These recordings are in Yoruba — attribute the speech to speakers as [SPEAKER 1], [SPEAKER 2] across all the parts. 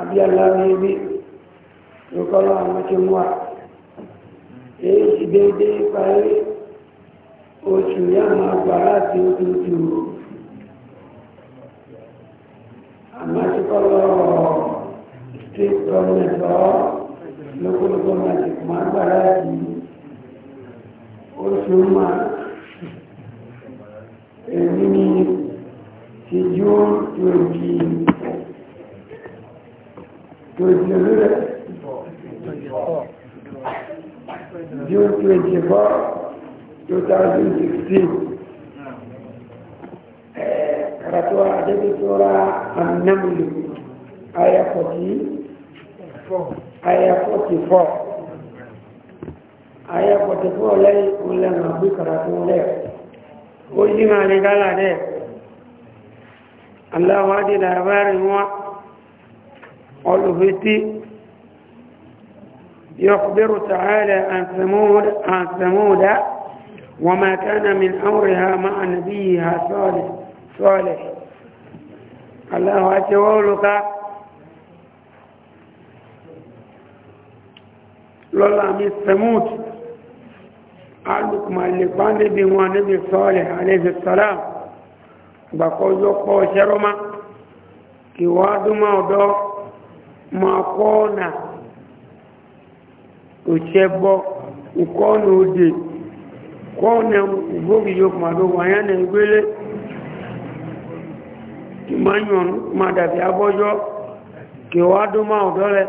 [SPEAKER 1] àbí aláwọ̀ ibi lókọ́lọ́ àwọn tí mú à èyí sì dédé parí oṣù yá máa gbà láti ojújú àmásíkọ́lọ́ state government lọ́wọ́ lókòlókò máa ti máa gbára láti oṣù máa
[SPEAKER 2] èmi ni ti jó
[SPEAKER 1] aya 44 aya kote ko lai ulla na bi karatu le goji ma ne gala de Allah wa di darbar olu fiti يخبر تعالى عن ثمود عن ثمود وما كان من أمرها مع نبيها صالح صالح الله أتولك لولا من ثمود alùpùpù lèpa níbi wọn níbi sọ́ọ̀lẹ̀ àlẹ́bí sọ́lá gbàkọ́jọ́ pọ̀ ṣẹ́rọ́má kí wá dúnmọ́ ọ̀dọ́ máa kọ́ ọ̀nà òṣèbọ ìkọ́ọ̀nà òde kọ́ọ̀nà ògbógi yóò pàdó wáyánà ìgbélé kí máa yàn máa dàbí abọ́jọ́ kí wá dúnmọ́ ọ̀dọ́ rẹ̀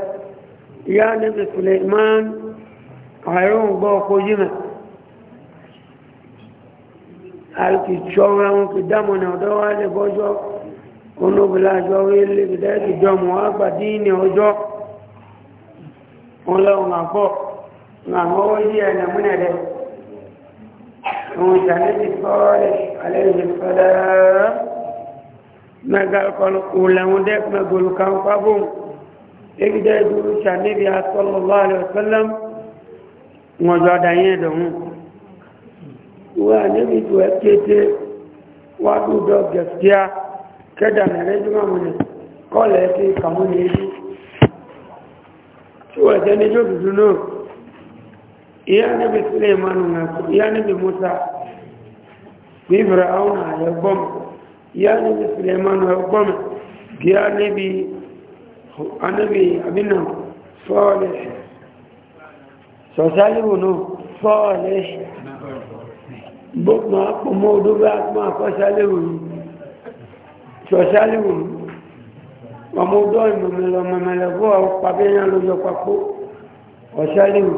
[SPEAKER 1] yá níbi sùlẹ̀ máa ń àìrùn gbọ́ ọkọ̀ yìí náà alki tsɔwla ŋu ki damɔnɛ ɔdɔ wa le bɔdzɔ onobla adzɔ wele kida eki dzɔmɔ agbadi ne ɔdzɔ wọn lɛ wọn akɔ nga ŋɔwɔ yi ɛnɛ mu nɛ dɛ
[SPEAKER 2] wọn ta ne ti fɔɔri ale yi fɛlɛ
[SPEAKER 1] mɛga kɔlu wòlɛ ŋu dɛ mɛ golo kan kɔ abo eki dɛ du ta ne bi atɔlɔ lɔ alɛ sɛlɛm da yɛ dɔn mu wa nabi to yake wa du da gaskiya kada na mu ne kola yake kamu ne yi to wa jani jo du no iya nabi suleiman na ku iya nabi musa bi fir'auna ya gom iya nabi suleiman ya gom iya nabi anabi abinna salih so salihu salih gbogbo àpòmọ́ odó bá àpò àkọ́ṣálẹ́wò yìí ṣọ̀ṣálẹ́wò yìí ọmọ odó ìmọ̀mẹ́lẹ̀ ọmọmẹ́lẹ̀ fún ọpàbẹ́yàn lórí ọpapó ọ̀ṣálẹ́wò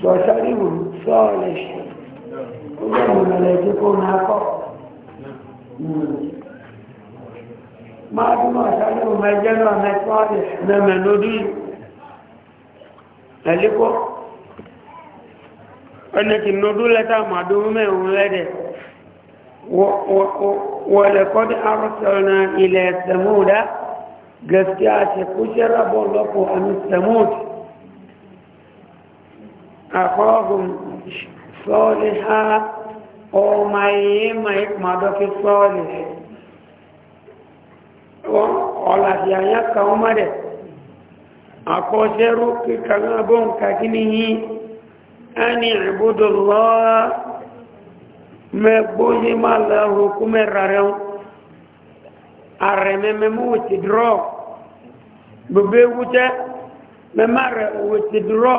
[SPEAKER 1] ṣọ̀ṣálẹ́wò sọ́ọ̀lẹ̀ ọmọmẹ́lẹ̀ tí kò náà kọ́ máa dúró ọ̀ṣálẹ́wò máa jẹ́ náà ẹnìkì nodú lẹ́tà màdúró mẹ́rin lẹ́dẹ̀ wọ̀lẹ̀kọ́ ní arọ́sọ̀nà ilẹ̀ sẹ̀múdá gẹ̀ẹ́sì àti kúṣẹ́rọ̀bọ̀ lọ́pọ̀ àmì sẹ̀múd àkọ́ọ̀gùn sọ́ọ̀lì ha ọmọ iye màdọ́kí sọ́ọ̀lì ọ̀làdì àyàkà ọmọdẹ̀ àkọ́ṣẹ́rú kíkà náà bọ́ǹkà kí ni yìí ani ibudu lọ́wọ́ mẹ gbóyé má lọ́wọ́ kú mẹ rárẹ̀ wọn ààrẹ mẹ́mẹ́ mú wòtí dúrọ́ gbogbo ewu tẹ́ mẹ́má rẹ̀ wòtí dúrọ́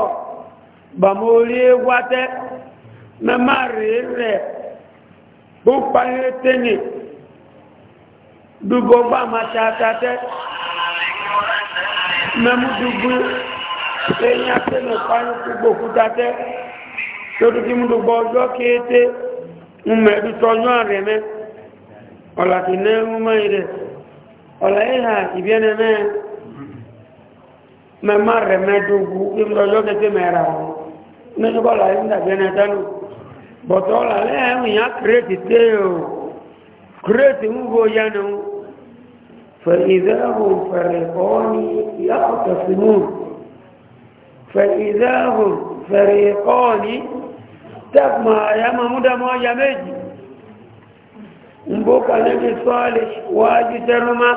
[SPEAKER 1] bàmú orí ewá tẹ́ mẹ́má rẹ̀ rẹ̀ bó pàyẹ́ tẹ́yìn dùgbò bá ma ṣáta tẹ́ mẹ́mú dùgbò tẹ́yìn àtẹ́nù pàyẹ́ gbogbo kúta tẹ́ ṣojú kí mú gbogbo ọjọ́ kéèté ń mẹ́bí tọ́jọ́ rẹ̀ mẹ́ ọ̀là kì ní ń mọ́ ìrẹ̀ ọ̀là ìhà ìbíẹ́nẹ mẹ́ mẹ́má rẹ̀ mẹ́dógú kí mú tọ́jọ́ kéèté mẹ́ra wọn ní ṣe bọ́ọ̀là yìí ń dàbíẹ́nẹ dánú bọ̀tọ̀ ọ̀là lẹ́yìn ìyá kírètì té o dákùnmọ̀ àyà máa mú dámọ́ ọya méjì ń bó kà níbi sọ́ọ̀lì wájú tẹ́rọmá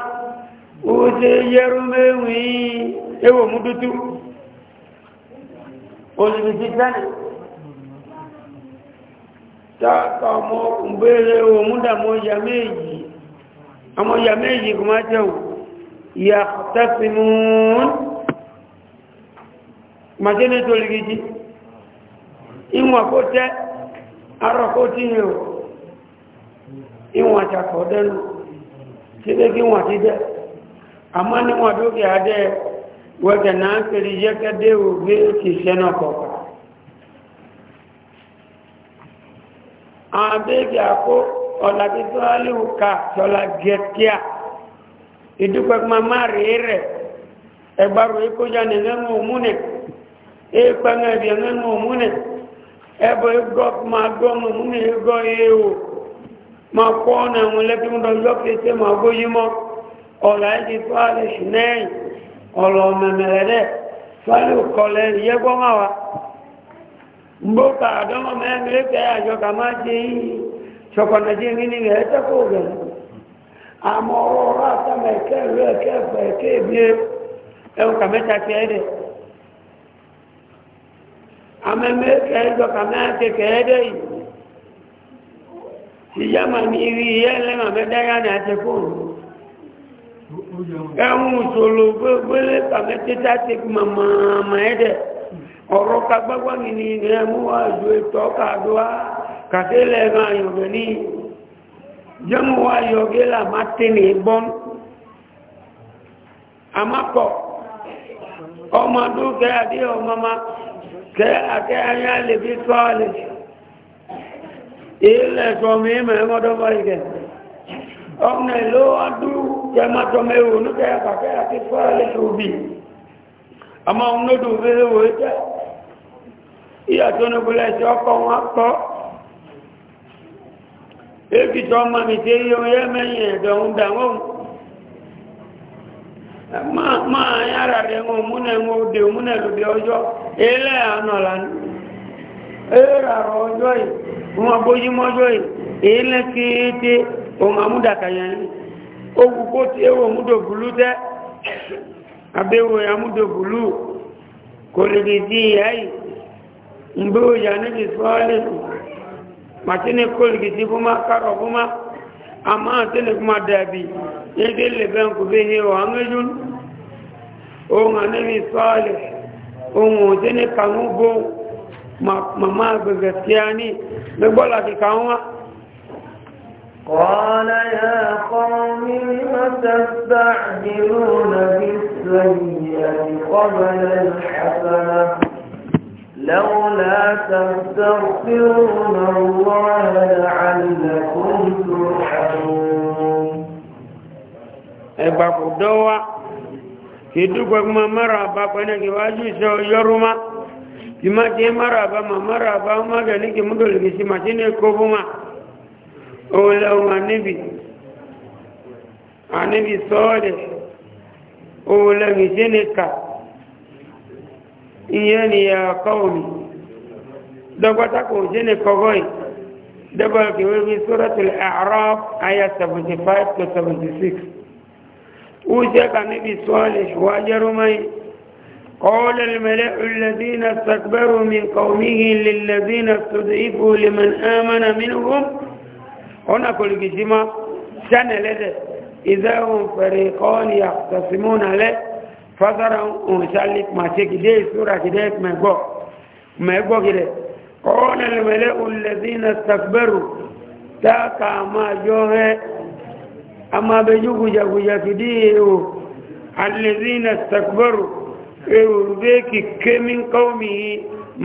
[SPEAKER 1] ó ṣe yẹ́rú mẹ́wìn ewò mú dúdú olùbìsí tẹ́nì tààkà ọmọ ìgbèrè ewò mú dámọ́ méjì ọmọ ọya méjì kò má jẹ́ ìyà màjẹ́ nítorí gidi ìwọ̀n kó tẹ́ arọ́ kó tí yẹ o ìwọ̀n àtàkọ̀ dẹ́nu tí lé kí wọ́n ti dẹ́ àmọ́ níwọ̀n dókè adẹ́ wẹ́kẹ̀ náà kiri yẹ́kẹ́dẹ́ ò gbé ti sẹ́nà kọ̀ọ̀kọ̀ àbẹ́gì àkó ọ̀làbí tó aléwò ká tọ́lá gẹ̀tíà ìdúpẹ́pẹ́ máa rí rẹ̀ ẹgbàrú ikójá nìyẹn mú múnẹ̀ ẹgbẹ́ ẹgbẹ́ mú múnẹ̀ ẹbọ igọ́ máa gọ́ mọ̀ mú mi gọ́ iye o máa ma ọ̀nà àwọn ẹlẹ́bí mú lọ́jọ́ kéte máa gbóyí mọ́ dị ẹ̀jẹ̀ tó àlẹ́ sí náà ọ̀lọ̀ mẹ̀mẹ̀rẹ̀ dẹ̀ fálẹ̀ òkọlẹ̀ ìyẹ́gbọ́ máa wa mbóka ga Ama amẹ́mẹ́ kẹ́ẹ́dọ̀ kàmẹ́ kẹ́kẹ́ẹ́dẹ́ yìí ìyá mà ní irí iye ẹlẹ́mà mẹ́ta yá ni àti fóònù ẹ̀hún ìṣòro gbélé kàmẹ́ títà ti màmàmà ẹ̀dẹ̀ ọ̀rọ̀ kagbágbá mi ni ẹ̀mú wa ju ètò ọ̀kadọ́ wa kàtẹ́ lẹ́ẹ̀mà yọ̀bẹ̀ ní jẹ́mu wa yọ̀gẹ́ là má tẹ̀lé bọ́n àmàkọ̀ ọmọdún kẹ́ adé ọmọ máa kẹ́ ayé àlèbí tọ́ọ̀lì ilẹ̀ tọ́mí mẹ́mọ́dọ́mọ́ ìgẹ̀ ọmọ ìlú ọdún jẹmọ́tọ́mọ́ ìwò ní kẹ́yàkà kẹ́yà kí tọ́ọ̀lì ṣùgbì àmọ́ ohun lódù fẹ́lẹ́wò jẹ́ ìyà tó ní gbọ́lẹ̀ ṣe ọkọ̀ wọn pọ̀ èkìtọ́ mọ́mí tí yíò yẹ́ mẹ́yìn ẹ̀dọ̀ ń dà wọ́n máa yára rẹ̀ wọn múnẹ̀ wọn òdè múnẹ̀ lòdì ọjọ́ ilẹ̀ ànàlà ẹ̀rọ ọjọ́ yìí wọn bójúmọ́jọ́ yìí ilẹ̀ kéèté ohun àmúdàkàyà yìí ogun kó tí ẹwọ múdòbùlú tẹ́ abẹ́wò àmúdòbùlú kò lè dì sí ìyá yìí ń amma tene kuma dabi yake leben ku be he wa ngajun o ngane mi salih o mo tene kanu bo mama ga gaskiya me bola ki kanwa
[SPEAKER 2] قال يا قوم لم تستعجلون بالسيئة قبل الحسنة لولا تستغفرون الله لعلكم ترحمون ẹgbà kò
[SPEAKER 1] dọ́wà kì í dúgbà وينك واجي bá pẹ́nà kì wá jù sọ yọrùmá kì má jẹ́ mara bá ma mara bá má gẹ̀ ní kì mú ma tí ní kó bú ma ó lẹ́wọ̀n àníbì àníbì sọ́ọ̀dẹ̀ ó lẹ́wọ̀n sí ní ìyẹn ni àkọ́ omi dọ́gbọ́ta kò jẹ́ ní kọ́gọ́ yìí dọ́gbọ́ kìwé àyà 75 to 76 ó jẹ́ ka níbi مي قال الملأ الذين استكبروا من قومه للذين استضعفوا لمن آمن منهم هنا كل جمع سنة إذا هم فريقان يختصمون عليه fasara òǹṣàlì màṣẹ kìdé ìṣúra kìdé mẹgbọ mẹgbọ kìdé kọ́ọ̀nà lẹ́mẹ̀lẹ́ olùlẹ́sìnà sàgbẹ́rù táàkà máa jọ ẹ́ a máa bẹ jú gùjàgùjà kìdí èrò alẹ́sìnà sàgbẹ́rù èrò rúgbé kì kémi kọ́ọ̀mì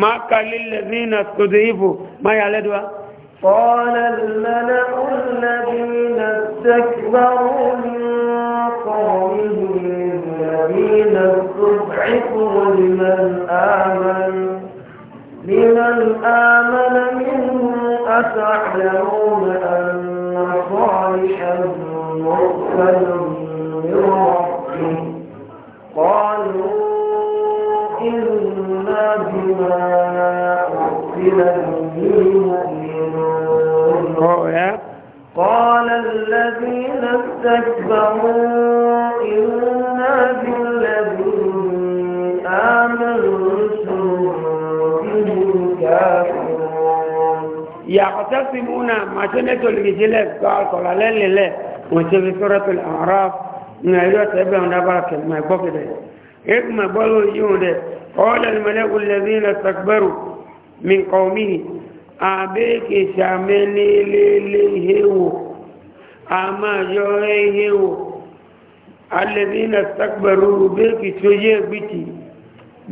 [SPEAKER 1] máa kàlẹ́ lẹ́sìnà sọ̀dẹ̀ìfò máa yà lẹ́dọ́wà
[SPEAKER 2] قال الملأ الذين استكبروا من قومه الذين استضعفوا لمن آمن لمن آمن منهم أتعلمون أن صالحا مرسل من ربه قالوا إنا بما أرسل به مؤمنون قال الذين استكبروا إنا بالذي آمنتم به كافرون يعتصمون ما سنة
[SPEAKER 1] المجلة قال قال لا لا وفي سورة الأعراف من أيها تبعوا نبارك ما يبقى إكما بلو يونده قال الملاك الذين استكبروا من قومه àbẹ́kẹsà mẹ́lẹ́lẹ́lẹ́ ihewò a máa yọ ihewò alẹ́bínà sàgbàrú bẹ́ẹ̀kì tí ó yẹ gbìtì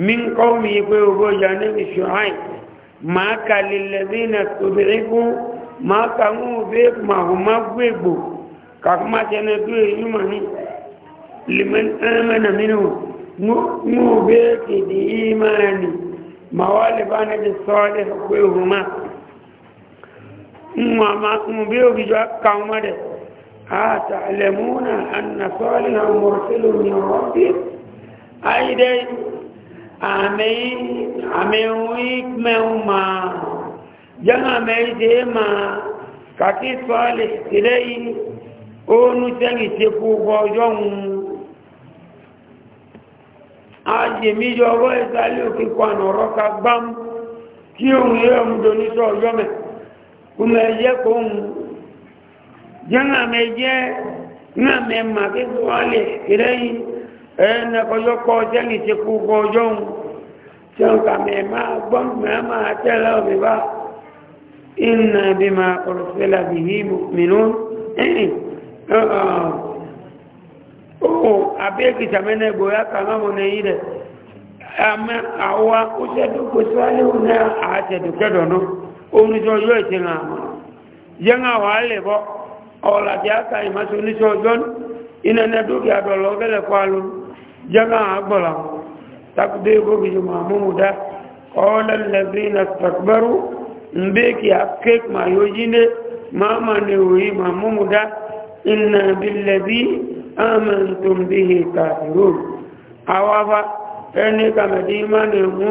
[SPEAKER 1] min kọ́ mi pé owó ya níbi ṣùháì máa kà lẹ́lẹ́bínà tòbìrìkú máa kà ń bẹ́ẹ̀kì máa hù má gbẹ̀gbò kàkúmá tẹnu tó èyí mà ní lẹ́mẹ́nà mínú ń bẹ́ẹ̀kì di mbiyo kijwa kaumade atalemuna anna saliha mursilun min rabbi aide ame ameuma jana ameidema kati salih ilei onu tengi teku gojong aje mijo ro esali okikwano roka gbam ki ohun ye omudo nisọ ọjọ́ mẹ́ta kuma ẹ̀jẹ̀ kò ń jẹ́nà mẹ́jẹ́ náà mẹ́mà kí tó wà lè kéré yìí ẹ̀ẹ́nà kọjọ́ kọ́ jẹ́nì ti kú kọjọ́ ń tí ó ń kà mẹ́mà gbọ́n mẹ́mà tẹ́lẹ̀ òbí bá iná bí ma kọ̀rọ̀ sílẹ̀ bí i mìíràn ẹ̀yìn ó àbẹ́kì sàmẹ́nà gbòyà kàmá mo nà yí dẹ̀ àmẹ́ na ó ṣẹ́dúkú síwájú náà àtẹ̀dùkẹ́dọ̀ náà oníṣọ́ ọjọ́ ìtì àmọ́ yẹn àwọn alẹ́ bọ́ ọ̀làjẹ́ aka ìmáṣe oníṣọ́ ọjọ́ ìnẹ̀nẹ̀ dókè àdọ̀lọ́ gẹ́lẹ̀ kọ́ alú yẹn àwọn agbọ̀là takudé gómìnà mahmuda ọ̀lẹ́lẹ́bí na takbaru mbeki akek ma yojine mama ne oyi mahmuda inna bilẹ̀bí amantum bihi kafirun awafa ẹni kàmẹ́dì ìmánì mú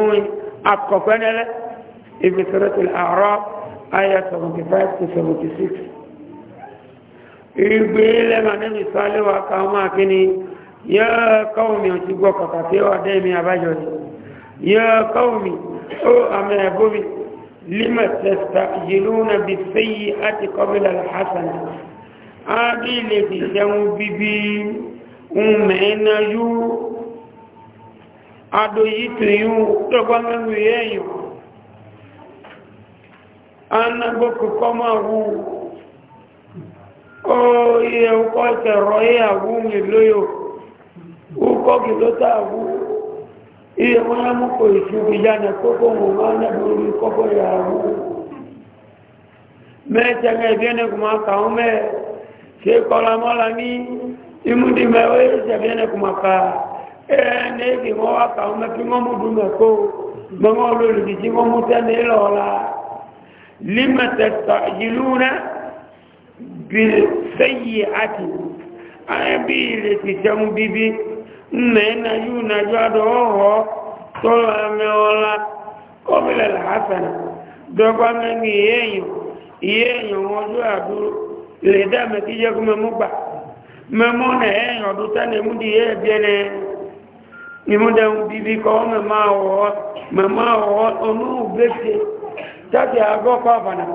[SPEAKER 1] akọ̀kọ́ nílẹ̀ ibi sọ́rọ̀tì àárọ̀ ayà 75-76 ìgbé lẹ́mà níbi sọ́lẹ́wà káwọn máa kí ni yẹ́ káwọn mi ò ti gbọ́ kàkàtí wà dẹ́mi àbájọ́ yẹ́ káwọn mi ó àmì ẹ̀bómi lima tẹ̀sàkìlúnà bí fẹ́yí àti kọbílà hasana a anagbókò kọ́ máa wú ó yẹ ọkọ̀ ìtẹ̀rọ̀ yẹ àwú mi lóyò ọkọ̀ kì ló tà wú iye wọ́n yá mú kò ìṣubú ìyànà kókó mọ̀ máa nàbórí kọ́kọ́ yà wú mẹ́tẹ̀ẹ́ ẹ̀bí ẹni kò máa kà ó mẹ́ ṣe kọ́lá mọ́lá ní ìmúdi mẹ́ ó yẹ ṣẹ̀bí ẹni kò kà ẹni èkì wọ́n wá kà ó mẹ́ kí wọ́n mú dùn mẹ́ kó gbọ́n lima tastajiluna bil sayyi'ati abi le ti jam bibi ne na yu na jado ho to me ola ko bele hasana do ba me ni yeyo yeyo mo ju aduru le da na enyo ta di ye bi ni ma ma tàbí àgọ́ pàbànà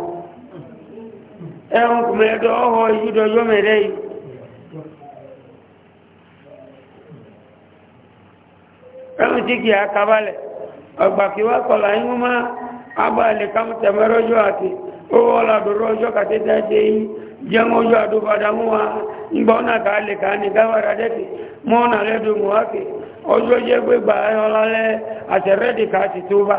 [SPEAKER 1] ẹ̀hùn kùmẹ̀ẹ́dọ̀ ọ̀họ̀ ìyúdọ̀ yóò mẹ́rẹ́ yìí ẹ̀hùn tí kìí àkàbálẹ̀ ọgbàkíwá kọlà inú máa agbáàlẹ̀ kámtẹ̀mẹ́rọ́jọ́ àti owó ọ̀làdọ̀rọ̀ ọjọ́ kàtẹ́tẹ́ yìí jẹun ojú àdúgbàdà mú wa ìgbà ọ̀nà kàálẹ̀ kàání gáwàrà dẹ́kì mọ́ọ̀nà lẹ́dùn mọ́wákì ọjọ́ jẹ́ gbégbà ayọ́lálẹ́ àtẹ̀rẹ́dì kàá ti tó bá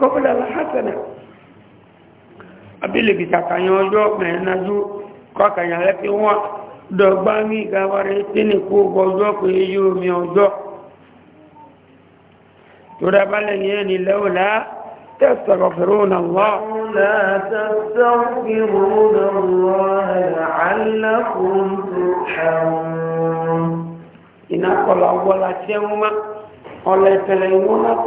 [SPEAKER 1] kọ́bùlà lásánà abílẹ̀bìtà kàyàn ọjọ́ mẹ́rìnájú kọkàyàn lẹ́pẹ́ wọ́n dọ̀gbá ní ìgbàwárẹ̀ tí ní kó ọjọ́ pé yí omi ọjọ́ tó dábálẹ̀ ní ẹni lẹ́wọ̀lá تستغفرون الله لا
[SPEAKER 2] تستغفرون الله لعلكم ترحمون إن أقول أولا تيوما
[SPEAKER 1] أولا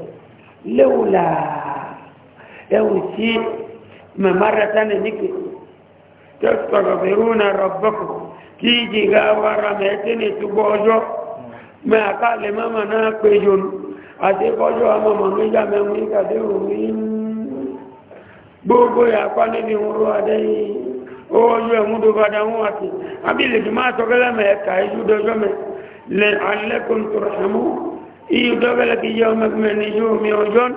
[SPEAKER 1] لولا يوشي ممرة نكي تستغفرون ربكم كيجي غاورا ميتني تبوجو ما قال ماما ناكوجون أتي بوجو أما مانجا مميكا ديومين gbogbo yàpá níbi ìwúrú adẹ́yìn ojú ẹ̀múdó padà wọ́n àti abílẹ̀ jùmọ́ àtọ́gẹ́lẹ́mẹ̀ẹ́ka ìjúdọ́jọ́mẹ́ lẹ́ alẹ́kùn tó rẹ̀ mú iye dọ́gẹ́lẹ́ kí yẹ ọmọ ẹgbẹ́ ní yóò mi ọjọ́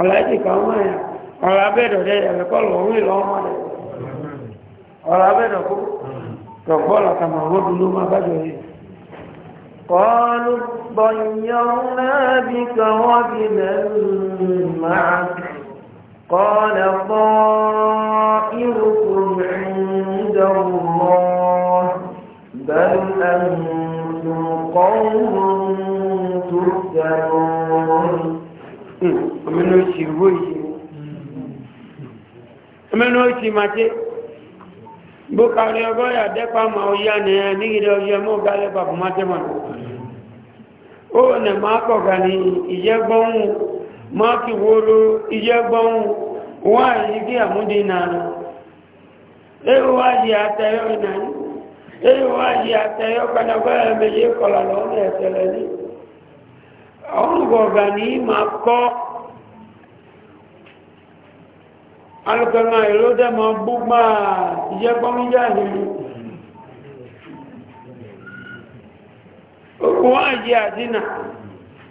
[SPEAKER 1] ọ̀la ẹ̀dì kan wọ́n yà ọ̀la abẹ́dọ̀ rẹ̀ ọ̀la abẹ́dọ̀ kó tọ̀gbọ́ làkà máa wọ́n dúró máa bá
[SPEAKER 2] يهتدون ومن وشي وشي
[SPEAKER 1] ومن وشي ya bukari ọgọ́ ma ọya ni ẹ ní ilẹ̀ ọya mọ́ gálẹ́pà fún mátẹ́mà ó nẹ̀ máa kọ̀gà ní ìjẹ́gbọ́n máa kí wóró ìjẹ́gbọ́n wọ́n àyí na àmúdí náà ewu wáyé àtẹ́yọ́ ìnáyí ewu wáyé àtẹ́yọ́ kanáfẹ́ ẹ̀mẹ́yẹ na lọ́wọ́ ẹ̀tẹ̀lẹ̀ ní ọrùgọ̀gà ní ma kọ́ alùpẹ̀mà ìlódẹ́mọ̀ gbúgbà ìjẹ́gbọ́míjà nìlú okùn wọ́n jẹ́ àdínà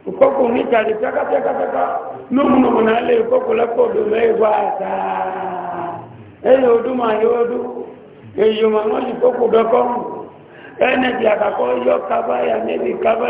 [SPEAKER 1] ìkókù ní ìtàdí pẹ́kápẹ́kápẹ́ká lóòmùnùmù náà lè ìkókù lẹ́pọ̀ odò mẹ́gbà àtàà ẹ̀yìn odú ma yóò odu ma wọ́n sì ya n'ebi kaba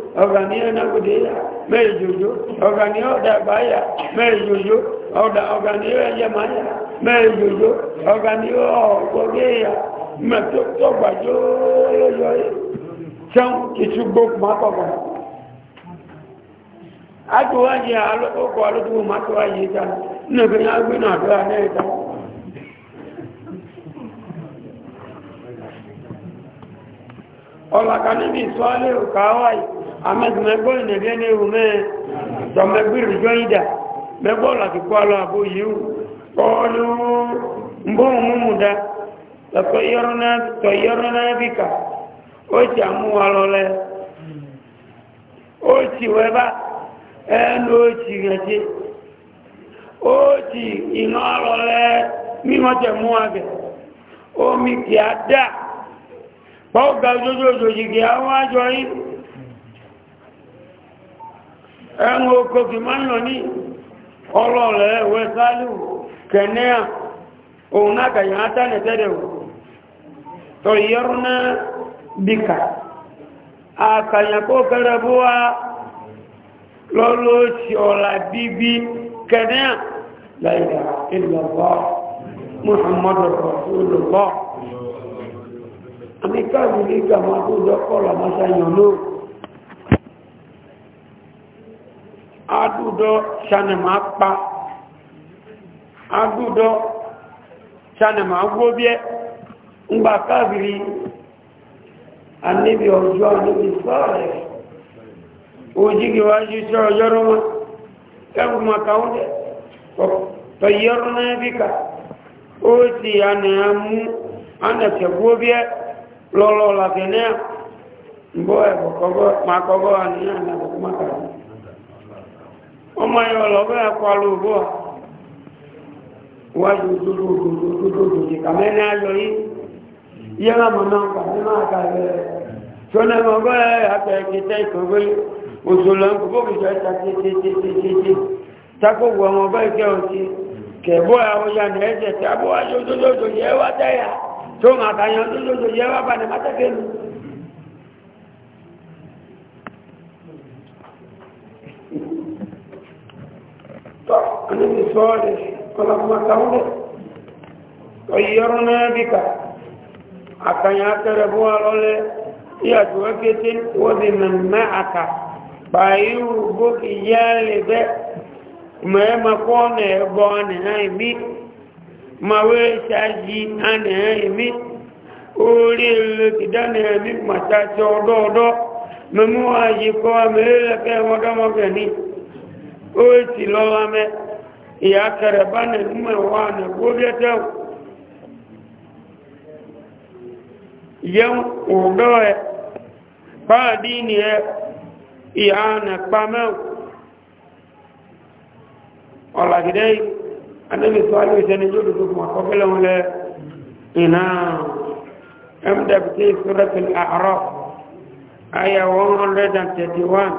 [SPEAKER 1] ọ̀gá ní ẹnàgùdé yà mẹ́ẹ̀jòjò ọ̀gá ní ọ̀dà àgbáyà mẹ́ẹ̀jòjò ọ̀gá ní ẹ̀yẹmáyà mẹ́ẹ̀jòjò ọ̀gá ní ọ̀gbọ̀gẹ́yà mẹ́tọ́gbàjọ́ yọ́yọ́ sẹ́wọ́n ìtúgbó mákọ̀kọ̀ àtúwáyé ọkọ̀ alótúwò mákọ̀wáyé ìta nígbẹ̀yà gbẹ̀nà àdúrà náà ìta ọlọ́kaníbi ìsọ́lẹ̀ òkàwáì amẹ́gbẹ̀mẹ́gbọ́ ìnẹ̀gẹ́ ní ewu mẹ́ tọ́mẹ́gbìrì jọ ìdà mẹ́gbọ́ làkíkọ́ alọ́ àbó yìí ọlú
[SPEAKER 2] mbóhùnmúmúdá
[SPEAKER 1] tọ̀yọ́rọ́náfíkà ó ti àmúwa lọ́lẹ́ ó ti wẹ́bá ẹnu ti ó ti ìná lọ́lẹ́ mímọ́ bọ́ọ̀gá ojújú òjòjìgì àwọn àjọ yìí ẹ̀wọ̀n okòkì máa ń lọ ní ọlọ́ọ̀lẹ̀ ẹ̀wẹ́ sáàlù kẹ̀nẹ́à òun náà kàyà átánẹ̀tẹ́dẹ̀ tó yẹrù náà bíkà àkàyàkó kẹrẹ bó wá lọ́lọ́sì ọ̀là bíbí kẹ̀nẹ́à láìdá àmì ní kíkà máa kó dọ́kọ̀ làmásá yàn ló pa gbó bíẹ́ ńgbà káàkiri àníbi ọjọ́ sọ́ọ̀rẹ̀ ọjọ́ rọ́mọ́ kẹ́kùn máa kàún jẹ́ tọ̀yẹ́rọ́ náà bíkà ó ti ànà mú ànà tẹ̀gbó lọ́lọ́ la kì ní bọ́ ẹ̀kọ́ kọ́gọ́ ma kọ́gọ́ wa ní àná àkókò má kà ní. ọmọ yẹn lọ bẹ́ẹ̀ kọ́ ló bọ́ wájú kàmẹ́ ní ayọ̀ yìí náà kà ní kà bẹ́ẹ̀ kìtẹ́ tako bẹ́ẹ̀ kẹ́ bọ́ àwọn yàn tó ń àkàyàn tó lójò yẹ wá balẹ̀ mátẹ́kẹ́lú tọ́ níbi sọ́ọ̀dẹ̀ kọlọ̀kọ̀mọ̀tàwọ́dẹ̀ ọ̀yọ́rùn-ún bíkà àkàyàn akẹrẹ̀bú alọ́lẹ̀ ìyàtúwẹ́kẹ́tẹ́ wọ́n di mẹ́mẹ́ àkà báyìí gbókì yẹ́ lè bẹ́ mẹ́ẹ̀mẹ́kọ́ ọ̀nà ẹ̀gbọ́n nìyàn ìbí ma wee chaji a na-emi orí ìlòkìdánilẹ̀mí pàtàkì ọdọ́ọdọ́ mẹ́mú àyíkọ́ àmìlẹ́lẹ́kẹ́ ọdọ́mọ́gẹ̀ ní ó ti lọ́la mẹ́ ìyá na bá nẹ̀ na nẹ̀ gbógẹ́tẹ́ yẹn ọ̀dọ́ ẹ̀ paadi ni ẹ ìyá nẹ̀ pamẹ́ ọ̀làgídẹ́ yìí anẹ́lẹ̀ tó alẹ́ ìṣẹ́ni lórí gbogbo àkọ́kẹ́lẹ̀ wọn lẹ iná mwt suratul a'raf aya 131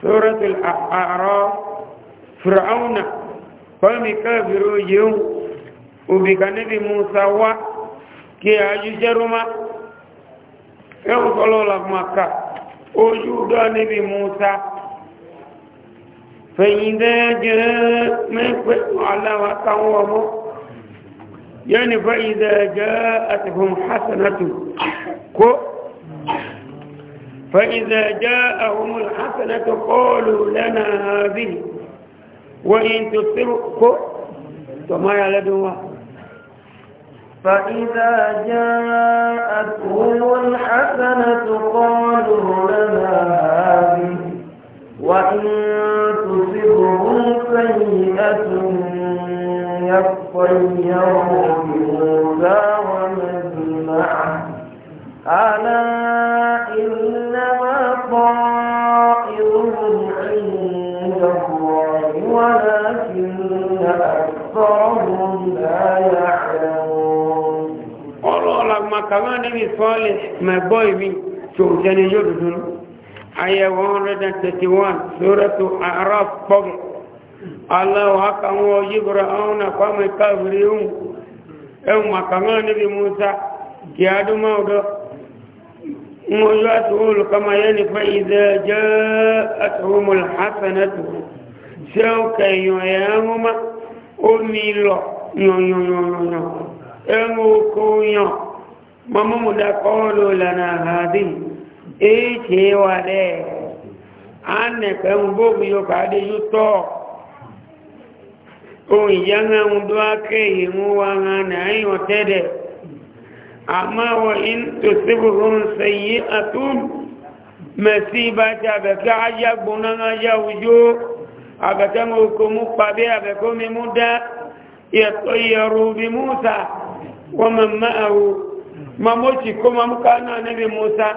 [SPEAKER 1] suratul a'raf fir'auna kwami kafiru yiun ubikanibi musa wa kí ajú jẹ́rúmá ẹ̀hùn tọ́lọ́lọ́ maka ojú dọ́ níbi musa فإذا جاء ما على وقوم يعني فإذا جاءتهم حسنة كو فإذا جاءهم الحسنة قالوا لنا هذه وإن تصروا فما يلدوا
[SPEAKER 2] فإذا جاءتهم الحسنة قالوا لنا هذه وإن تصبهم سيئة يطيروا بموسى ومن معه ألا إنما طائرهم عند الله ولكن أكثرهم لا يعلمون. Ọlọ́ọ̀lọ́gbọ̀n
[SPEAKER 1] kàwọn níbi fọ́ọ̀lì mẹ́gbọ́ ìmí tòun jẹ́ni yóò dúdú ayẹ 131 sórẹ́tù araf pọ́gì aláwọ̀ akàwọn yíbra ọ́nà kwamọ̀ káfìrí ohun ẹ̀hùn makamọ́ níbi musa kí a dúnmọ́ ọ̀dọ́ wọ́n yóò àtúwò olùkọ́mọ̀ yẹ́ ni fẹ́ ìdẹ́ jẹ́ àtúwò mọ̀lá hasanatu ṣe ó kẹ̀yàn ẹ̀hùn ma ó mi lọ yànyànyànyàn ẹ̀hùn okòó yàn mọ́mọ́mọ́dá eche wa de ane pe mbo mi yo ka de yuto o yanga mdo ake yimu wa ngana ayo tede ama wa in tusibuhum sayi'atun masibata baka ajabuna ngaja ujo abakanga ukumu pabe abakomi muda yatayaru bi musa wa man ma'ahu mamochi kuma mukana nabi musa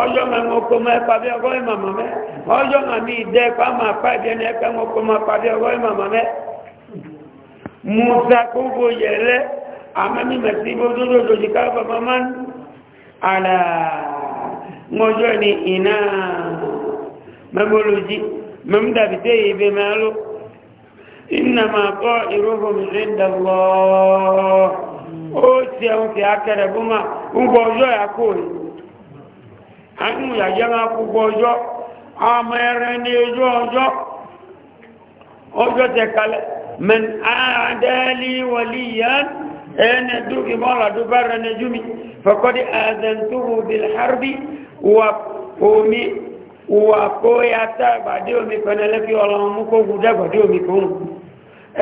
[SPEAKER 1] ọjọ́ ma ń kó ma ẹ̀pà bí ọgọ́ ìmọ̀ mọ̀ mẹ́ ọjọ́ ma mi dẹ́ ẹ̀pà pa ìdí ẹni ẹ̀pà ma pa bí ọgọ́ ìmọ̀ mẹ́. musa kó yẹ lẹ amẹ́mí mẹ́sì bó dúró lòdì ká ni ó ti ti máa ń gbọ́ ọjọ́ àánú yàjẹ́ra gbogbo ọjọ́ ọmọ ẹrẹ ní ojú ọjọ́ ọjọ́ tẹ̀kalẹ̀ mẹ́n àádẹ́lì wọlé yẹn ẹni dúkì mọ́ra dúbà rẹ̀ ní júmi fọ́kọ́dí àzẹ̀ntúhù bilharbi wà kó yàtà gbàdé omi pẹ̀lẹ́lẹ́ kí ọlọ́run mú kó gùdẹ́ gbàdé omi kó rùn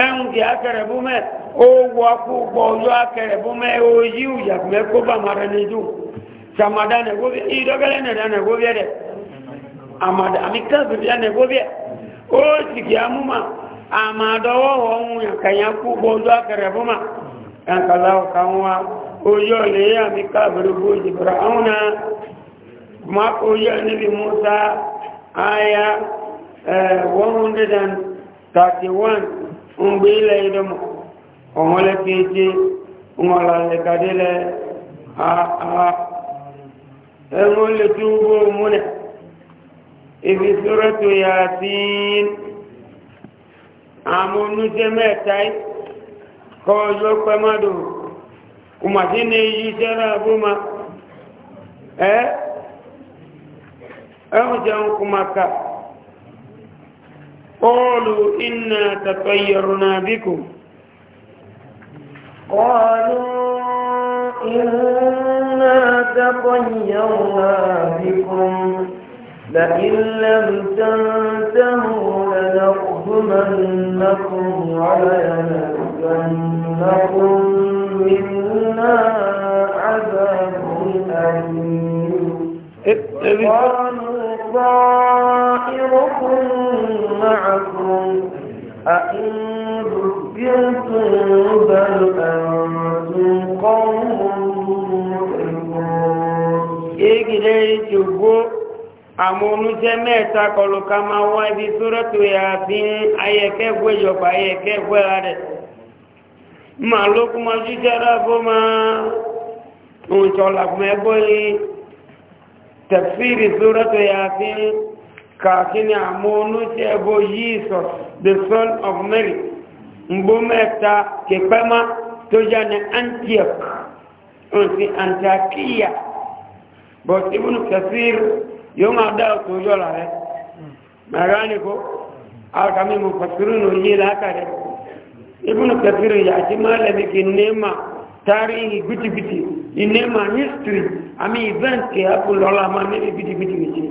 [SPEAKER 1] ẹ̀hùn kì ákẹrẹ̀ bú mẹ́ ó wọ́pù gbọ́ ọjọ́ ákẹrẹ̀ bú mẹ́ ó yí ìyàgbẹ́ kó bàmà rẹ̀ ní júmi samada ne gobe idogale ne da ne gobe de amada amika bibia ne gobe o sigi amuma amada wo won ya kanya ku bozo akare buma kan kala kanwa oyo le amika burugo jibrauna ma oyo ne bi musa aya 131 eh, umbile idomo omole keje umala le kadele a a ẹ̀wọ́n lè tó gbó múnẹ̀ ibi sọ́rọ̀ tó yà sí àmúnújẹ́ mẹ́ta kọ́ ọjọ́ pẹ́mọ́dò kùmàtí ní yí sẹ́rà búma ẹ́ ẹ̀wọ́n jẹun kùmàkà قولوا إنا تطيرنا
[SPEAKER 2] بكم قالوا إنا تطيرنا بكم لئن لم تنتهوا لنقدمنكم وليمسنكم منا عذاب أليم قالوا طائركم معكم أئن ذكرتم بل أنتم قوم yéèkìlẹ̀ ìṣògbó àwọn
[SPEAKER 1] oníṣẹ́ mẹ́ta kọlu ká wá ibi sórẹ́tò ìhàfin ayẹkẹ́gbẹ́ ìjọba ayẹkẹ́gbẹ́ rẹ̀ máa ló ma jíjẹ́ rábó máa ń ṣọlàgbẹ́gbọ́ yìí tẹ̀fíìrì sórẹ́tò ìhàfin kàkínní àwọn oníṣẹ́ ẹbọ yìí sọ the son of mary ngbó mẹ́ta kẹpẹ́ má tó yá ní antioch but ibn kasir yóò máa dá ọkùn ojú ọ̀la rẹ̀ mẹ́rání kó alkami mú fasirin òní lákàrẹ̀ ibn kasir yàtí máa lẹ́bi kí nema tari ihi gbìtìgbìtì inema history àmì event kì í hapun lọ́la máa níbi gbìtìgbìtì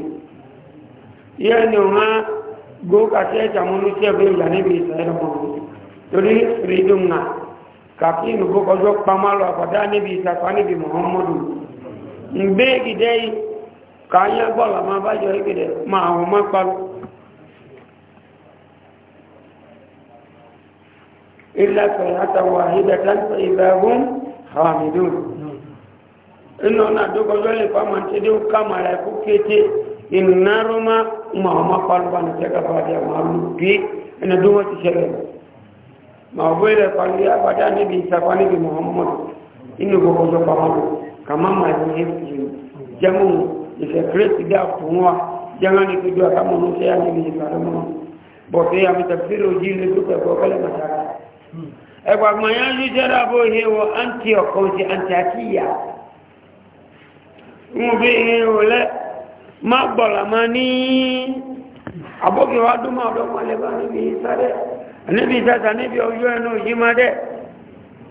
[SPEAKER 1] yẹ́ ni wọ́n gbó kàtí ẹ̀jà mú ní sí ẹgbẹ́ ìyá níbi ìsẹ̀rẹ̀ mọ́ torí history dùn náà kàfí ìnùgbókọjọ́ pamọ́ lọ àbọ̀dá níbi ìtàkùn níbi muhammadu ìgbé ìgìdẹ́ yìí kàáyán bọ́ọ̀lù àmà bájọ ìgìdẹ̀ ma àwọn ọmọ parọ́ ilẹ̀ sọ̀rọ̀ àhídẹ̀tà ìbẹ̀rún hàmìdùn inú náà dókọjọ́ lè pàmà tí dé kàmà rẹ̀ kú kété ìnárọ́mà ma ọmọ parọ́ bá ní tẹ́kàfàdé ma lù bí ẹni dúnwọ́ ti kama maji hifzi jamu ise da kunwa janga kujua kama mtu yani karamu bote ya mtafsiri ujili duka kwa kale mataka e kwa jarabo hewa antioch kozi antakia mbe hewa le magbola mani aboki wa duma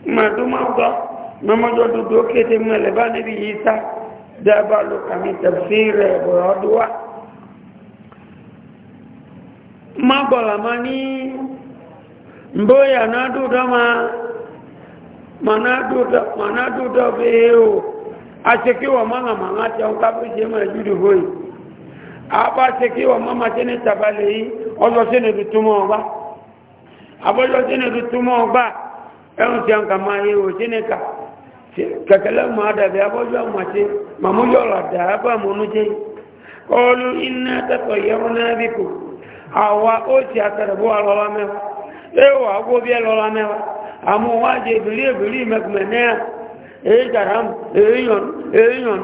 [SPEAKER 1] sasa ma mọ́mọ́jọ́ dúdú ó kéte mẹ́lẹ̀ bá níbi yìí sá dábà ló kàmí tẹ̀fí rẹ̀ bọ̀rọ̀ ọdún má má ní mbóyà náà dúdọ́ ma mana dúdọ́ bí o aṣekíwọ̀ mọ́nà màá tẹun kábíyèsí mọ̀ ẹ̀jú dùbò yìí àbá ní tàbálẹ̀ yìí ọjọ́ sí ọgbà sí ọgbà ẹ̀rùn a máa yẹ òṣínìkà kẹ̀kẹ́lẹ́ mọ́ àdàbí abọ́jú àmàṣe màmúyọ̀ làdà abàmúnújẹ́ ọlú iná tẹ́tọ̀ yẹrù náà bí kò àwa ó ti àtẹ̀rẹ̀bọ́ alọ́lá mẹ́wàá ẹwà agbó bí ẹlọ́lá mẹ́wàá àmọ́ wájẹ ìbìlí ìbìlí mẹ́kùnmẹ́nẹ́à èyí jàrám èyíyàn èyíyàn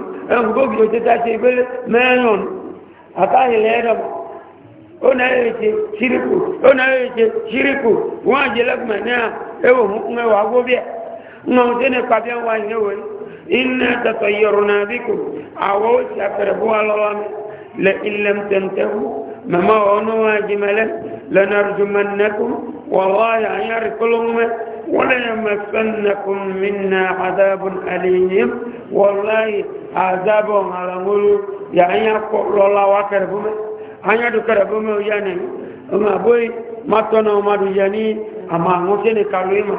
[SPEAKER 1] nọ̀dẹ́nẹ̀ pàbí àwọn àyẹ̀wò iná tàtọ̀ yọrù náà bí kò àwọ̀ ó ti àpẹẹrẹ bó wa lọ́wọ́ mi lẹ ilẹ̀ tẹ̀ntẹ̀kù mẹ́mọ́ ọ̀nà wa jìmẹ́lẹ́ lẹ́nà jùmẹ́nẹ́kù wọ́wọ́ àyàrí kọlọ́mẹ́ wọ́n lẹ́yìn mẹ́fẹ́nẹ́kùn mi na àdábùn àlèyìn wọ́láyì àdábùn àlàmúlù yàáyà lọ́la wa kẹrẹ̀ fún mi àyàdù kẹrẹ̀ fún mi ò yá nìyí ọmọ àbóyí mátọ́nà ọmọdù yẹ ní àmà àwọn sẹ́ni kàlùmọ́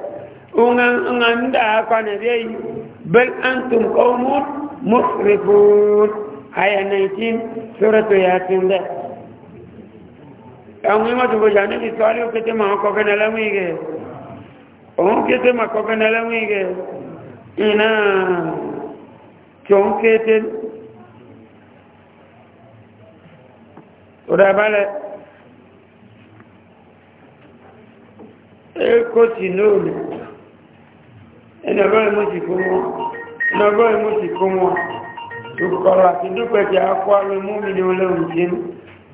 [SPEAKER 1] nga nda kwane dai bal antum qaumun musrifun aya 19 suratu yasin da àwọn ma tubo jani bi sali o kete ma ko kana la mi ge kete ma ko kana la mi ina chon kete ora bale e ko tinole ẹni ọgọ́rin mú sí kó wọn ẹni ọgọ́rin mú sí kó wọn ìkọ̀rọ̀ àti dúpẹ̀kì akọ́ alẹ́mú mi ni olóhùn jẹ́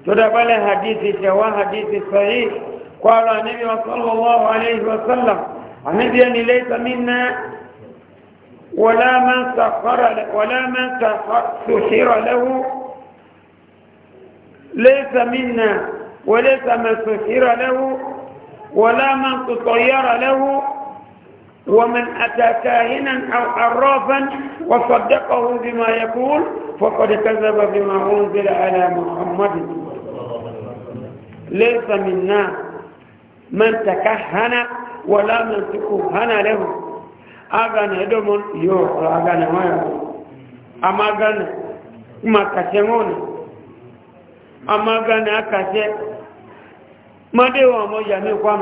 [SPEAKER 1] tó dábálẹ̀ hadithi tẹ̀wá hadithi sọ̀yí kọ́ ara níbi ọ̀sánlọ́wọ́ aléhìwọ̀sánlá àníbi ẹni ilé ìsàmínà wọlá mẹ́ta sòṣírọ̀ ليس منا وليس من سخر له ولا من تطير له ومن أتى كاهنا أو عرافا وصدقه بما يقول فقد كذب بما أنزل على محمد ليس منا من تكهن ولا من تكهن له أغنى دم يوصل أغنى ما يقول أما أغنى ما كشمون أما أغنى كشم ما دي وما يمي قام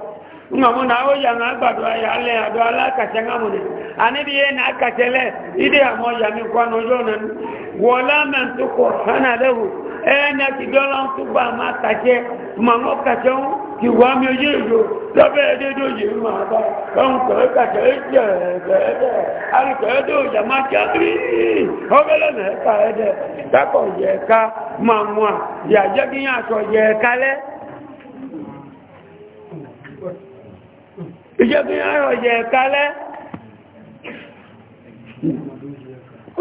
[SPEAKER 1] ngamu na o yang agbado ya le ado ala kacha ngamu ne ani biye na kacha le ide amo ya mi kwa no jona wala man tu qur'ana lahu ena ki dola tu ba ma kache ma ngo kacha ki wa mi oje jo to be de do je ma ba kan e ko e kacha e je be de e ani do ya ma ka bi ho be le ne ka de ta ko ka ma mo ìjọba ọ̀rọ̀ yẹ kalẹ́.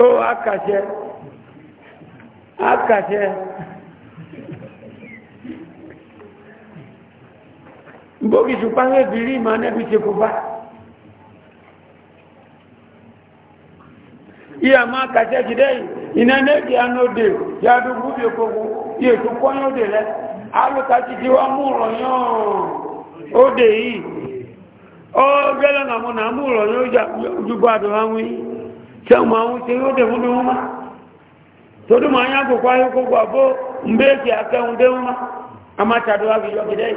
[SPEAKER 1] ó akàṣẹ akàṣẹ gbógi ṣùpá ń rẹ̀bìrí ìmọ̀ nẹ́bí ṣe kò bá iya kàṣẹ jìdẹ́ iná anóde yìí tó kọ́yán òde rẹ̀ alùkàṣì tí wọ́n mú yán yìí Ọ nà mọ́ nà mú rọ̀ ní ojúgbọ́ wọn yìí tí ọmọ àwọn tí ó dẹ̀ fún dúnmọ́ ma yá kòkó ayé kòkó àbó mbéèkì akẹ́hùn dé wọn a máa fi yọ gidẹ́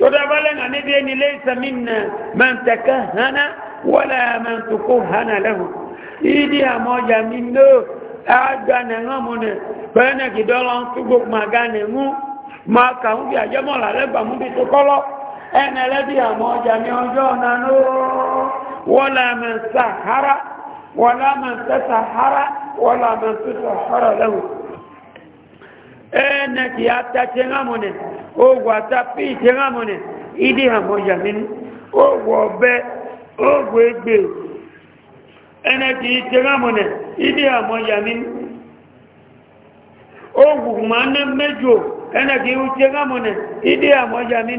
[SPEAKER 1] yìí nà níbi ẹni lé nà máa ń tẹ̀kẹ́ hánà máa ń hánà lẹ́hùn ìdí àmọ́ ló àgbà nà nà bẹ́ẹ̀ nà ma ka ń bí àjẹmọ́là lẹ́gbàá mú bí tó kọ́lọ́ ẹnẹ lẹ́bí àmọ́ ọjà ní ọjọ́ ọ̀nà wọ́n wọ́n lámẹ̀ sàhárà ogun í rámọ̀nẹ̀ ìdí àmọ́ ọjà ogun ń ẹnẹ̀kì ìwúche gámọ̀nẹ̀ ìdí àmọ́jàmí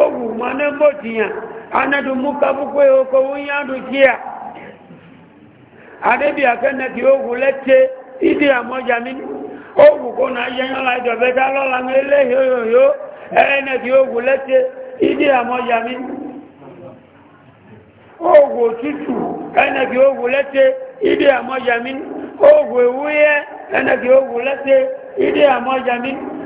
[SPEAKER 1] ogun mọ́nà bọ̀tìyàn anẹ́dùn mú kábúkwé oko wúnyádù kíà adébí akẹ́nẹ̀kì ogun lẹ́tẹ́ ìdí àmọ́jàmí ogun kó náà yẹnyọ́lá ìjọ̀bẹ́ta lọ́la eléyòyò ẹnẹ̀kì ogun lẹ́tẹ́ ìdí àmọ́jàmí ogun òtútù ẹnẹ̀kì ogun lẹ́tẹ́ ìdí àmọ́jàmí ogun ogun ìdí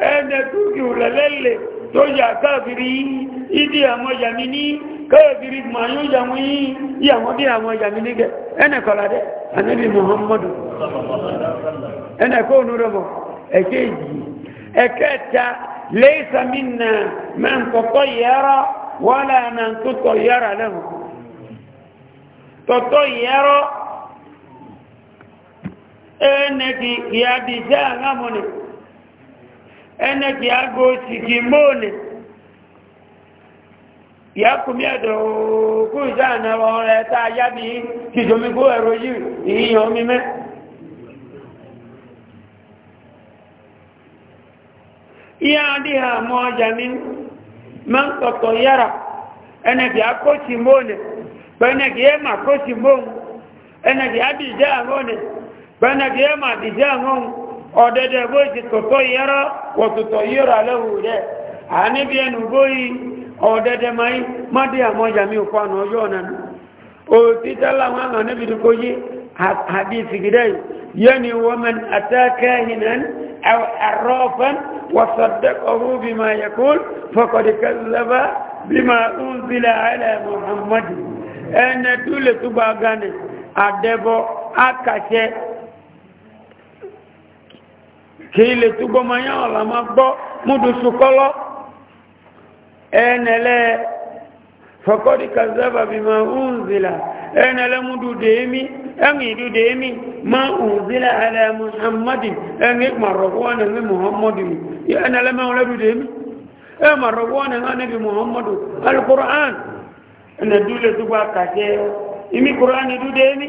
[SPEAKER 1] ẹnẹ túnkì òlẹ̀lẹ́lẹ̀ tó yà káàkiri ìdí àwọn yàmí ní káàkiri màáyó yàmú yìí yàmọ́ bí àwọn yàmí ní gẹ ẹnẹ kọ̀lá dẹ anábì muhammadu ẹnẹ kó onú rẹ̀ bọ̀ ẹ̀kẹ́ yìí ẹ̀kẹ́ ta lẹ́sàmì wọ́lá nà tó tọ̀ yẹ́rọ lẹ́hùn tọ̀tọ̀ yẹ́rọ ẹnẹ kì í yá di jẹ́ àgámọ́ni energy ago sikimoni ya kumia do kujana wore ta yabi kijomi go ero yi iyo mi me iya di ha mo jami man ko to yara energy ako simone bana ge ma ko simon energy abi ma ọ̀dẹ́dẹ́ bóyí ti tòtò yẹ́rọ wọ̀tòtò yẹ́rọ alẹ́wò rẹ̀ àníbi ẹnu bóyí ọ̀dẹ́dẹ́ máyí mádé àmọ́jà mi òkú àná ọjọ́ ọ̀nàmí òtí tẹ́lá wọn àwọn níbi tó kójí àdìsí gidẹ́ yẹ́ni wọ́mẹn àtẹ́kẹ́hìnán àrọ́fẹ́n wọ́sọ̀dẹ́kọ̀rú bí máa yẹkún fọkọ̀dẹ́kẹ́ lẹ́bà bí máa ń zilẹ̀ muhammadu ẹni tó lè túbọ̀ gánì kí ilé túbọ̀ máa yán ọ̀la máa gbọ́ múdùsù kọ́lọ́ ẹnẹ̀lẹ́ fọkọ́dí kazaba bí ma ń zìlà ẹnẹ̀lẹ́ múdù dèémí ẹ̀yìn ìdú dèémí máa ń zìlà alẹ́ muhammadin ẹ̀yìn ìgbàrọ̀gbọ́ ẹ̀nẹ̀lẹ́ muhammadin ẹnẹ̀lẹ́ mẹ́wọ́n lẹ́dù dèémí ẹ̀ màrọ̀gbọ́ ẹ̀nẹ̀lẹ́ alukur'an ẹ̀nẹ̀ dúlé túbọ̀ imi ìdú dèémí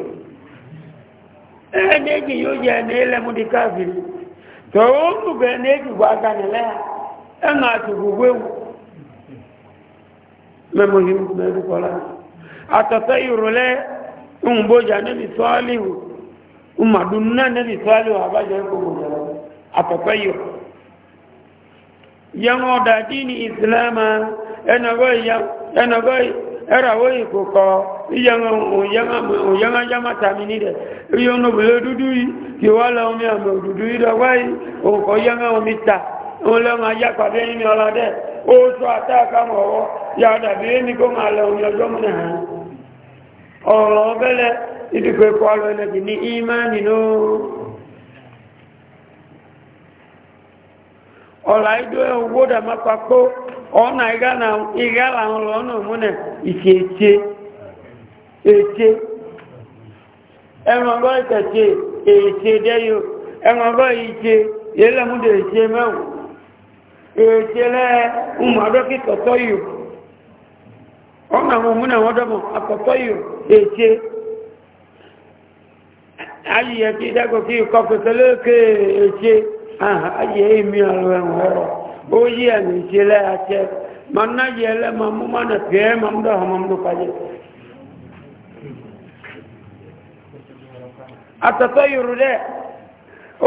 [SPEAKER 1] e yóò jẹ́ ẹ̀nà ilẹ̀múdí káàkiri tó ó ń lùgbẹ̀ ẹ̀nà ìjùgbọ́ aganilẹ́ ẹ̀nà àtùgbùgbé wù mẹ́mọ̀hí mẹ́rùkọ́lá àtọ̀tọ̀ ìrọ̀lẹ́ ìyànà jama tàbí mi ìyànà òbìlẹ̀ dúdú yìí kí wá lọ omi àmì òdúdú yìí dọ̀gbáyìí òǹkọ̀ yànà omi ta òun lẹ́wọ̀n ajá pàdé nínú ọlọ́dẹ́ ó tó àtàkàmọ̀ o ya dàbí ní kó ya lẹ omi ọjọ́ múnà hàn ọ̀rọ̀ ọbẹ̀lẹ̀ ìdìkò ikọ̀ alọ́ ẹlẹ́bì ní ìmáàni náà ọ̀là ìdó ẹ̀wọ́ dàmápapọ̀ ọ̀nà làwọn ètè ẹran ọgọ́ ìtẹ̀tẹ̀ ètè dẹ́yọ ẹran ọgọ́ ìtẹ̀ yẹlẹ́múdé ètè mẹ́wọ̀ ètè lẹ́ẹ̀ ọmọdókítọ̀ tọ́yọ̀ ọmọ àwọn òmúnà wọn dọ́mọ̀ akọ̀tọ́yọ̀ ètè ayẹyẹ kí kí o àtọ̀tọ̀ yòrò dẹ̀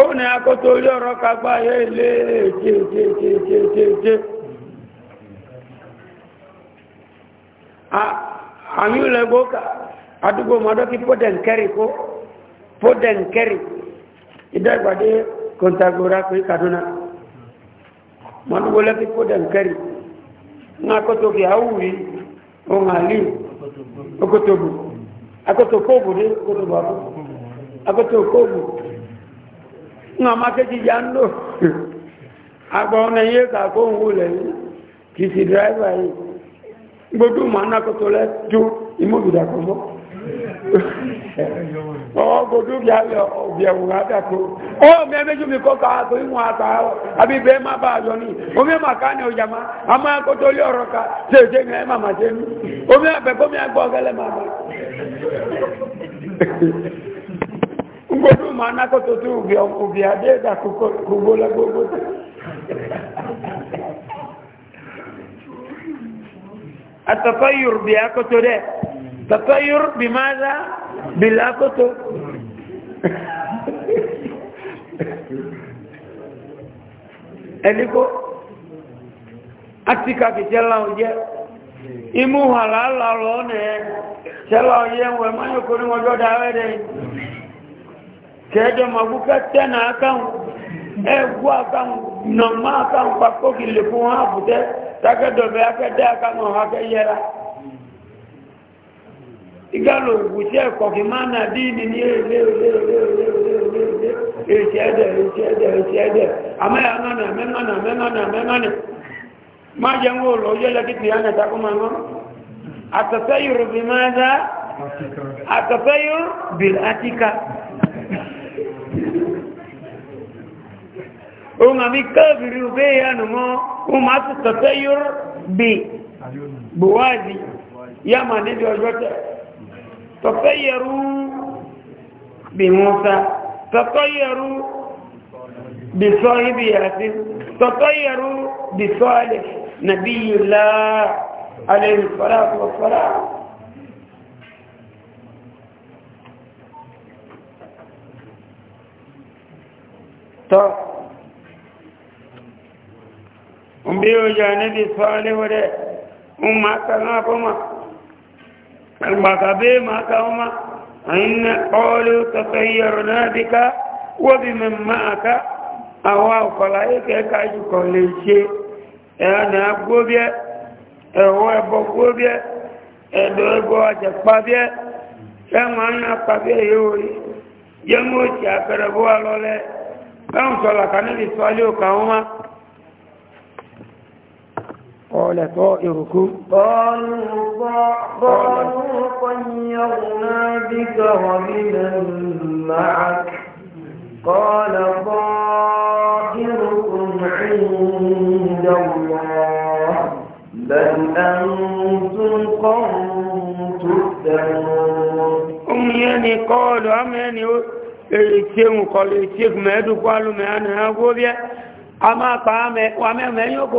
[SPEAKER 1] ó ní akọ́tọ̀ orí ọ̀rọ̀ kagbá yẹ́ ilé ètètètètètè àmì ìlẹ̀gbó àdúgbò mọ́dọ́kí pọ́dẹ̀ǹkẹ́rì kó pọ́dẹ̀ǹkẹ́rì ìdẹ́gbàdé kòntàgbòrá pé kaduna mọ́dúgbò lẹ́kí pọ́dẹ̀ǹkẹ́rì ní akọ́tọ̀ kì áwùrí ohun àlè okòtòbù akọ́tọ̀ kóòbù dé okòtòbù àkókò agbẹ́tẹ̀ òkóògùn ní ọmọ akéjì já ń lò agbọ́ ọ̀nà yé kàkó ń wù lẹ́yìn kì sì dráìvà yìí gbogbo mọ̀ anákòtò lẹ́ tó ìmúbìdà kọ́ mọ́ ọwọ́ gbogbo bí ayọ̀ òbí ẹ̀wù àdàkó ó mẹ́mẹ́jú mi kọ́kọ́ àtò ìwọ̀n má bá yọ ní omi ní ọjà má a lé ọ̀rọ̀ ká ẹ̀ ní omi maana ko to tu ubia ubia de da kugola gogo التطير بأكتو ده تطير بماذا بالأكتو ẹnìkó atika kì tẹ́lá ọjẹ́ imú hàlá lọ́rọ̀ ọ́nà ẹ̀ tẹ́lá ọjẹ́ wẹ̀ mọ́yọ̀kọ́ ní wọ́n jọ́ dáwẹ́ dẹ̀ kẹ́ẹ̀dẹ̀ màbúkẹ́ tẹ́nà akáhùn ẹgbú akáhùn nọ̀mọ́ aka pàkókì lè ka wọn àbútẹ́ tákẹ́dọ̀bẹ̀ akẹ́dẹ́ akáhùn akẹ́yẹra ìgbàlò ògùsí ẹ̀kọ́ kì máa nà dí ní ní èlé èlé èlé èlé èlé èlé èsì ẹ̀dẹ̀ ya ẹ̀dẹ̀ èsì ẹ̀dẹ̀ àmẹ́yà mẹ́nà mẹ́nà mẹ́nà mẹ́nà má jẹ́ ń wò lọ yẹ́ lẹ́kìtì yá nẹ̀ta kó máa atika. هم مكافر بيان ما هم تتطير بي بوازي يا ما نجي وجوات تطيروا بموسى تطيروا بصاحب ياسين تطيروا بصالح نبي الله عليه الصلاة والسلام طيب mbi oja nabi a wade umma kana kuma albakabe ma kauma inna qalu tatayyarna bika e e wa biman ma'aka awa qalaika ka ju koleje ana gobie ewo bi kama na pabie yori yemo ti akarabo alole kan sola kanabi salih ma. قال طائركم
[SPEAKER 2] قالوا قالوا طيرنا بك ومن معك قال طائركم عند الله بل أنتم قوم تؤتمون
[SPEAKER 1] أم يعني قالوا أم يعني ìṣẹ́hùn kọlu ìṣẹ́hùn mẹ́ẹ̀dùkú alùmẹ́ àná agbóbíẹ́ a máa pa á mẹ́ wà mẹ́rin yóò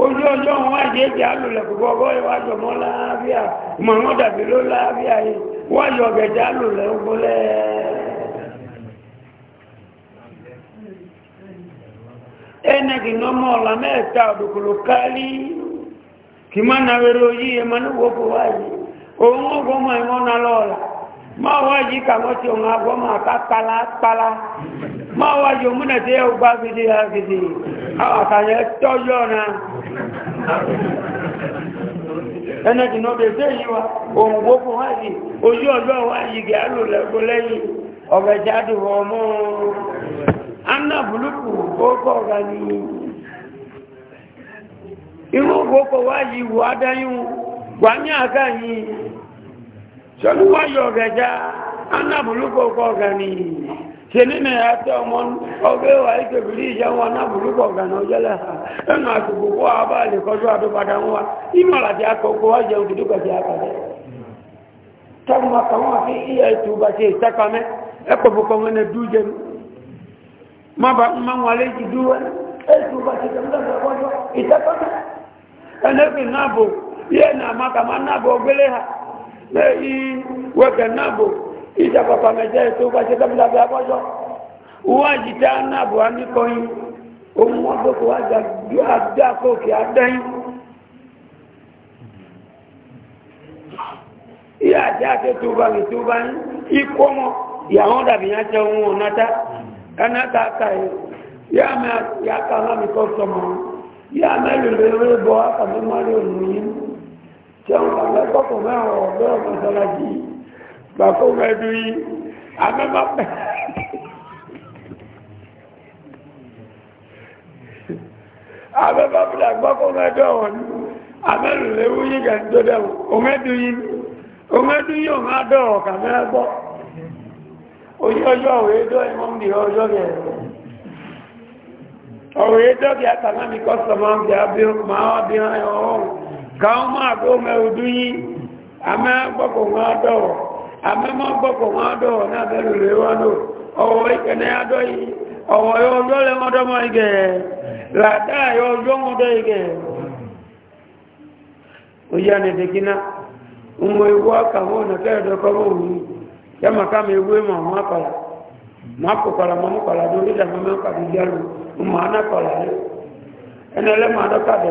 [SPEAKER 1] ojú ọjọ́ wọn àìyé jẹ́ àlùlẹ̀ púpọ̀ bọ́ọ̀lù wa jọ mọ́ láàbíà mọ̀nà dàbí ló láàbíà yìí wọ́n yọ ọ̀gẹ̀ jẹ́ àlùlẹ̀ ogun lẹ́ ẹnẹ kì ní ọmọ ọ̀la mẹ́ta ọ̀dùkùlù kálí kì má na wẹ́rẹ́ oyí ẹ̀ má ní wọ́pọ̀ wáyé òun ọgbọ́n mọ́ ẹ̀ mọ́ na lọ́ọ̀la máa wá yí kàwọn ti òun àgbọ́ máa ká kpala máa wá yóò múnà tí ó gbá gidi gidi àwọn àkàyẹ tọ́jọ́ náà ẹnẹ́ jùlọ bèèrè yí wa òun gbogbo wá yìí ojú ọjọ́ wá yìí gẹ̀ẹ́lù lẹ́gbọ́ lẹ́yìn sọ́nù wá yọ ọ̀gẹ̀dá anábùlùkọ̀ kọ̀ gani sẹ́ni ní ẹ̀tọ́ ọmọ ọgbẹ́ wà ní kẹfìrí ìjẹun anábùlùkọ̀ gani ọjọ́lẹ̀ ẹnu àsìkò kó abá kọjú àdópadà wọn inú àlàdé akọkọ wá jẹun kìdú kẹfì àkàdé tọ́gbọ́n àtàwọn àfi iye ètò ìbàṣẹ má wọn dúró ètò lẹ́yìn wẹ́gẹ̀ náà bò ìjà pàpà mẹ́jẹ́ ètò bá ṣe tẹ́bílà bí abọ́jọ́ wọ́n àjìdá náà bò á ní kọyìn ohun wọn gbogbo wá jà bí àdá kòkè àdẹ́yìn ìyá àti àti tó bá mọ́ ìyàwó dàbí jẹ́ kánáta ká yá kọ́ yá lòlẹ́ bọ́ má lè yín. jẹun àgbẹ̀ kọ́kọ̀ mẹ́wọ̀n ọ̀gbẹ́ ọ̀mọ̀sálàjì gbàkó mẹ́dú yí amẹ́mọ́pẹ́ amẹ́mọ́pẹ́ àgbọ́kọ̀ mẹ́dú ọ̀wọ̀n amẹ́lùlẹ́wú yí gẹ̀ẹ́dọ́dẹ̀wò òmẹ́dú yí òmẹ́dú yí òmẹ́ adọ́ọ̀ kàmẹ́gbọ́ ojú ọjọ́ òwe dọ́ ìmọ́mdì ọjọ́ yẹn òwe dọ́ kí a kàmẹ́ mi kọ́ sọmọ́ bí i máa bí i ọ̀hún ka ọ kó mẹ́rù dúnyí àmẹ́ gbọ́kọ̀ wọn adọ́wọ̀ àmẹ́ mọ́ ọ wọn adọ́wọ̀ náà bẹ́rù lè wọ́n lò ọwọ́ ìkẹ̀nẹ́ adọ́ yìí ọwọ́ yóò lọ́lẹ̀ wọn dọ́mọ igẹ̀ làdá yóò yọ́ wọn dọ́ igẹ̀ ó yá ewu akàwọn ọ̀nà kẹ́rẹ̀dọ́ ewu ya adọka dị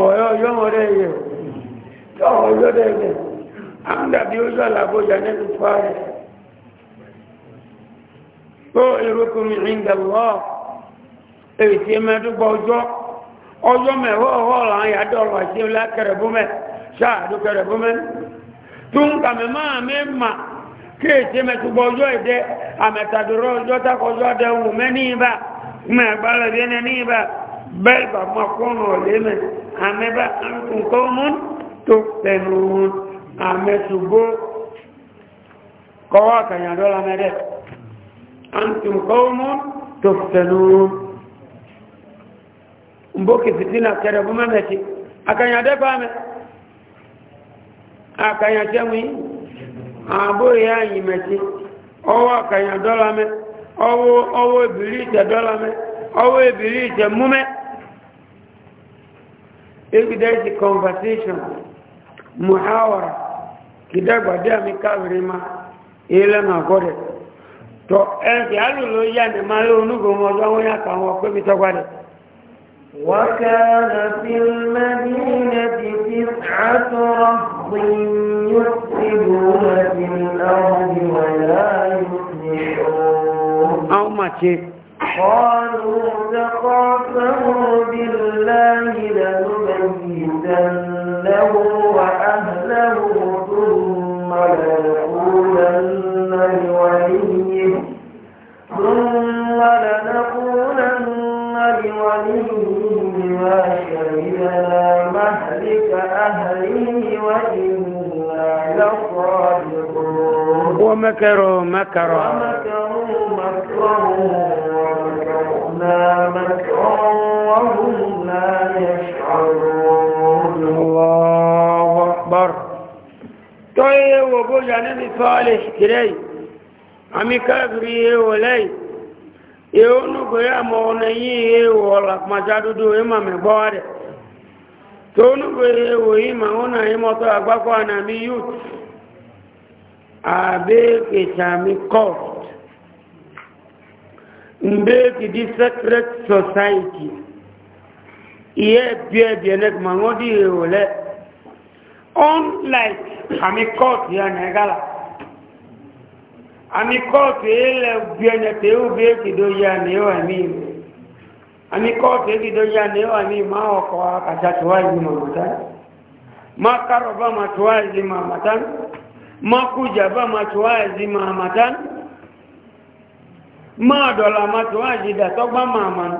[SPEAKER 1] ọ̀rọ̀ yọ́mọ̀ rẹ̀ yẹ̀ tọ́wọ́ ọjọ́ rẹ̀ yẹ̀ àwọn dàbí ojú àlàbójà nínú fàárẹ̀ tó ìrókùnrin ìrìndàlọ́ èyí tí mẹ́dúgbọ́ ọjọ́ ọjọ́ mẹ́wọ́ ọ̀họ́rọ̀ àyàdọ̀rọ̀ àti lákẹrẹ̀búmẹ́ sáàdúkẹrẹ̀búmẹ́ tó ń kàmẹ́ máa mẹ́mà kéèké mẹ́túgbọ́ ọjọ́ ìdẹ́ àmẹ́tàdúrọ̀ ọjọ́ tákọjọ́ adẹ́wù mẹ́ ní ibà mẹ́gbàlẹ̀ bí bẹ́ẹ̀ bà mọ́ kọ́nà ọ̀lẹ́mẹ̀ àmẹ́bá nǹkan mú tó tẹnu wọn àmẹ́sùgbó kọwọ́ àkànyàdọ́lá mẹ́rẹ̀ nǹkan mú tó tẹnu wọn mbókè fìtínà kẹrẹ̀ fún mẹ́mẹ́tì àkànyàdẹ́ bá mẹ́ ọwọ́ ìbìlì ìtẹ̀dọ́lá mẹ́ ọwọ́ ìbìlì ìtẹ̀mú evidence conversation muhawara kidagba de mi kawiri ma ile na gode to ẹnfì alùlọ yà ní máa lé onúgbò wọn ọjọ́ wọn yà kàwọn ọpẹ́ mi tọ́gbà dẹ̀. وكان
[SPEAKER 2] في المدينة تسعة رهط يفسدون في الأرض ولا يصلحون. أو ما قالوا تقاسموا بالله لنؤمنن إلى مهلك أهله وإنا لصادقون
[SPEAKER 1] ومكروا مكرا ومكروا
[SPEAKER 2] مكرا ومكرنا مكرا وهم لا يشعرون الله أكبر
[SPEAKER 1] طيب وبوجع نبي صالح كريم àmì káàkiri ولي lẹ́yìn èónú pé àmọ́ ọ̀nà yìí tóun fèrè wòye màwọn náà yín mọ́tò àgbákọ́ àná mi youth mi court secret society iye bíẹ́ bíẹ́ nẹ́kì màwọn dì èwò lẹ́ unlike àmì court yẹn nẹ́gàlà àmì court yẹn lẹ́ bíẹ́ nẹ́kì ya bíẹ́ kìdó ani kote kidoja newa ni mao kwa akachatuwaji mamatani makaro ba matuwaji mamatani makuja ba matuwaji mamatani madola matuwaji datogba mama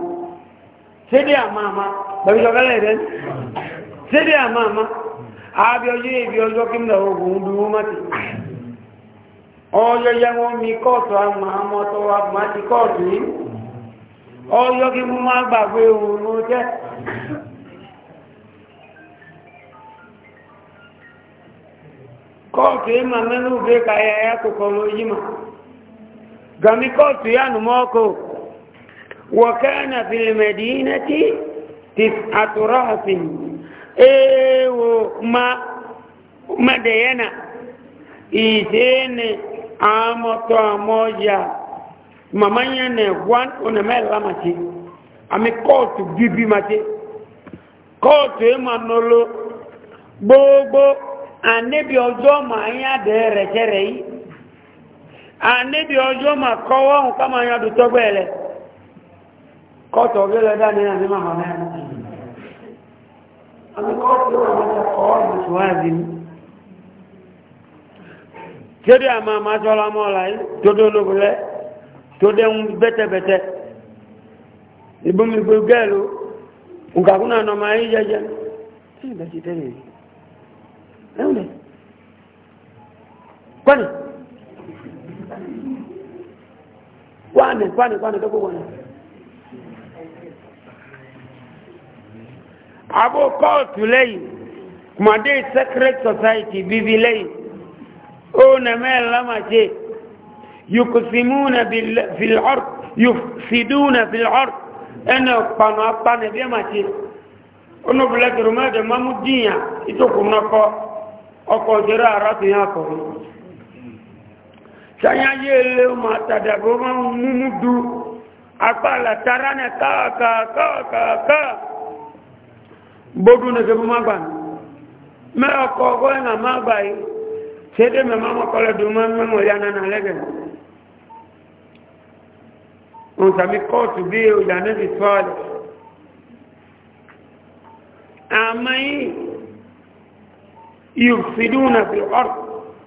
[SPEAKER 1] sede ya mama babijokalere sede ya mama abiojo ebiojo kimda ogun duwo mati oyo ya won mi koto ama moto wa mati koto yìí ọyọ́ kí mú má gbàgbé òun jẹ́ kọ́ọ̀tù yìí máa mẹ́nu gbé kàyà ẹ̀yà kòkò ló yí mà gàmí kọ́ọ̀tù yìí ànùmọ́kò wọ̀kẹ́ẹ̀nà fìlìmẹ̀dì iná tí ti àtúrọ̀ àfin èèwò má mẹ́dẹ̀yẹ́nà ìdéèni àmọ́tọ̀ àmọ́jà mama nye ami ma nolo gbogbo anebi ma anyi adé rẹ̀kẹ́rẹ́ yìí anebi ọjọ ma kọwa ń kama anyi tọgbọ tọ́gbẹ́ lẹ kóòtù ọ̀gbẹ́ lẹ dání náà ní ma hàn náà ami kóòtù yìí ma ma kọ́wọ́ ma tó ha. zi mi ama ma tó dẹ́hun bẹ́tẹ̀bẹ́tẹ́ ìbomi gbé gẹ́ẹ̀lú nkàkúnà nọmọ ayé jẹjẹ ẹ̀yìn bẹ́ẹ̀ ti tẹ́lẹ̀ yìí ẹ̀hún dẹ̀ kwani kwani kwani kwani tó gbogbo náà àbò kóòtù lẹ́yìn kùmàdé secret society bíbí lẹ́yìn ó nà mẹ́rin lámàjẹ́ يقسمون في العرض يفسدون في العرض أنا قانا قانا بما تي أنا بلاك رماد ما مدينة يتوكم نقا أقا جراء راتي هاكو سانيا يلو ما تدبو ما ممدو أقال ترانا كا كا كا كا كا بودو نكبو ما بان ما أقا قوينا ما باي sede me mama kole duma me mo yana na lege on sami kotu bi o yana bi twale amai yufsiduna fil ard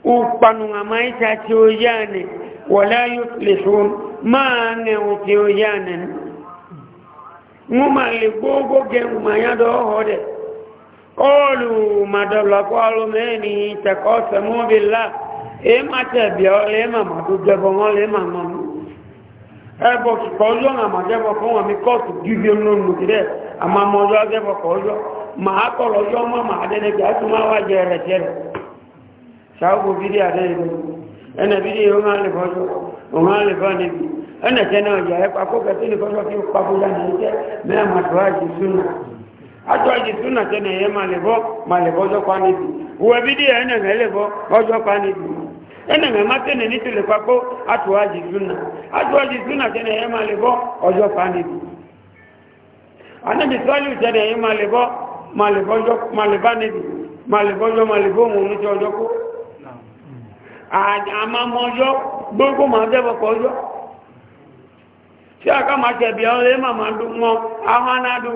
[SPEAKER 1] upanu amai ta tiyane wala yuflihun ma ne o tiyane nguma le gogo ge nguma ya do hode قالوا ما دبلك والمني تقسموا بالله إما تبيع إما ما تجبوا إما ما ẹbọ kọjọ́ àmàjẹ́bọ̀ fún wọn mi kọ́ọ̀tù gígbé lónìí kìdẹ̀ àmà mọ́jọ́ màá mọ́ màá dẹ́nẹ́ kí a tún máa wá jẹ rẹ̀ atọ́jú súnà tẹ́nà ẹ̀yẹ máa lè bọ́ máa lè bọ́jọ́ pa níbi wọ́n bí díẹ̀ ẹ̀nẹ̀mẹ̀ lè bọ́ ọjọ́ pa níbi ẹ̀nẹ̀mẹ̀ má tẹ́nà ní tìlẹ̀ papó atọ́jú súnà atọ́jú súnà tẹ́nà ẹ̀yẹ máa lè bọ́ ọjọ́ pa níbi anábì sọ́ọ́lù tẹ́nà ẹ̀yẹ máa lè bọ́ tí a ká máa tẹ̀bí ọ̀rẹ́ màmá dùn mọ́ àwọn anádùn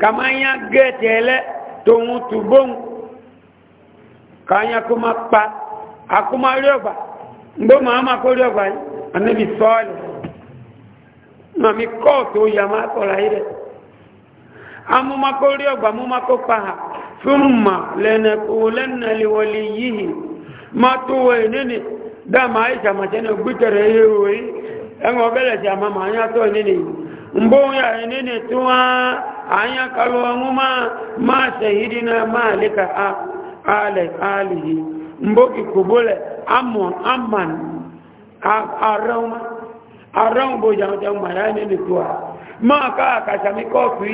[SPEAKER 1] kama ya gẹ́ẹ̀tẹ̀ ẹlẹ́ tóun tùbóhùn káyà pa akómá rí ọgbà gbó ama máa kó rí ọgbà yìí anábì sọ́ọ̀lẹ̀ màmí kọ́ọ̀tù ó yà máa kọ̀ọ̀lá yìí rẹ̀ amúmakó rí ọgbà múmakó pa ma fúnmà lẹ́nẹ̀kó lẹ́nà lèwọlé yìí má tó wọ ìnínì dáàmà àìsàmàṣẹ́ ní ògbítẹ̀rẹ̀ yìí ẹ̀wọ̀n bẹ̀rẹ̀ ma mgbe mbonye anyị na-enetuwa anya kalụwa nwụma ma shahidina malika alihi mbogi kubule amon aman arahun bo jama'a jama'a ya ne ne máa ká àkàṣàmí kọ́ọ̀fù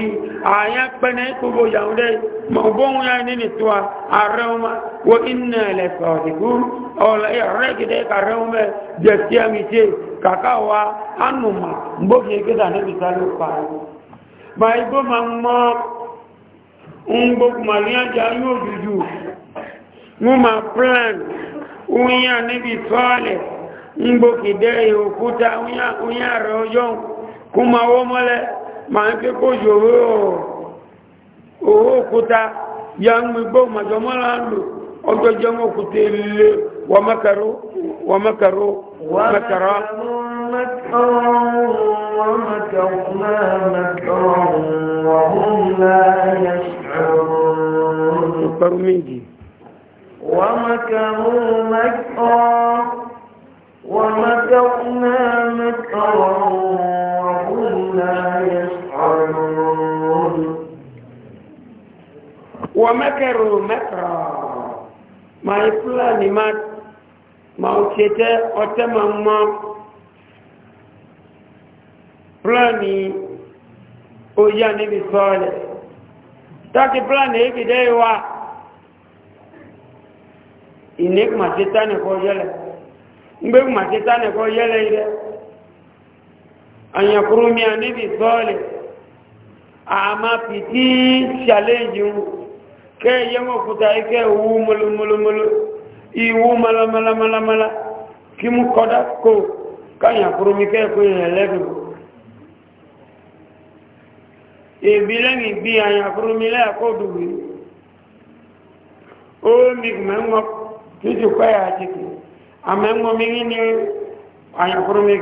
[SPEAKER 1] àyà pẹ́nẹ́ gbogbo ìyàwó dẹ́ mọ̀gbọ́n ya nínú tó a ààrẹ wọn iná ẹlẹ́sọ̀ ọ̀dìgú ọ̀rẹ́ gidẹ́ kàrẹ́ jẹ́ sí àmì tí kàkà wa ánùmọ̀ gbókè ma ma dẹ́ ọjọ́ kó máa wọ́ mọ́lẹ̀ máa ń ké kó yòwó owó ya ń gbé gbó màjọ mọ́lá ń lò ọjọ́ jẹ́ wọn òkúta lè wọ́n mẹ́kẹ̀rọ ومكروا مكرا
[SPEAKER 2] هم لا يشعرون ومكروا مكرا ما يفلان ما
[SPEAKER 1] ما وكيته وتمام plani oya níbi sọ́ọ̀lẹ̀ tọ́kì plani èkì dẹ́ ìwà ìníkùmà títà nìkan yẹ́lẹ̀ ń gbé kùmà títà anyakurumia níbi sọ́ọ̀lẹ̀ àmà pìtí ṣàlẹ́jì ń kẹ́ yẹ́wọ̀n kúta ikẹ́ ìwú mọ́lọ́mọ́lọ́mọ́lọ́ ìwú mọ́lọ́mọ́lọ́mọ́lá kí mú kọ́dá kò káyàkurumi kẹ́kọ́ ìrìn lẹ́dùn èbí lẹ́yìn bí anyakurumi lẹ́ẹ̀kọ́dùwì ó mìgbẹ́ngọ́ o kọ́ yà á ti kì àmẹ́ngọ́ mi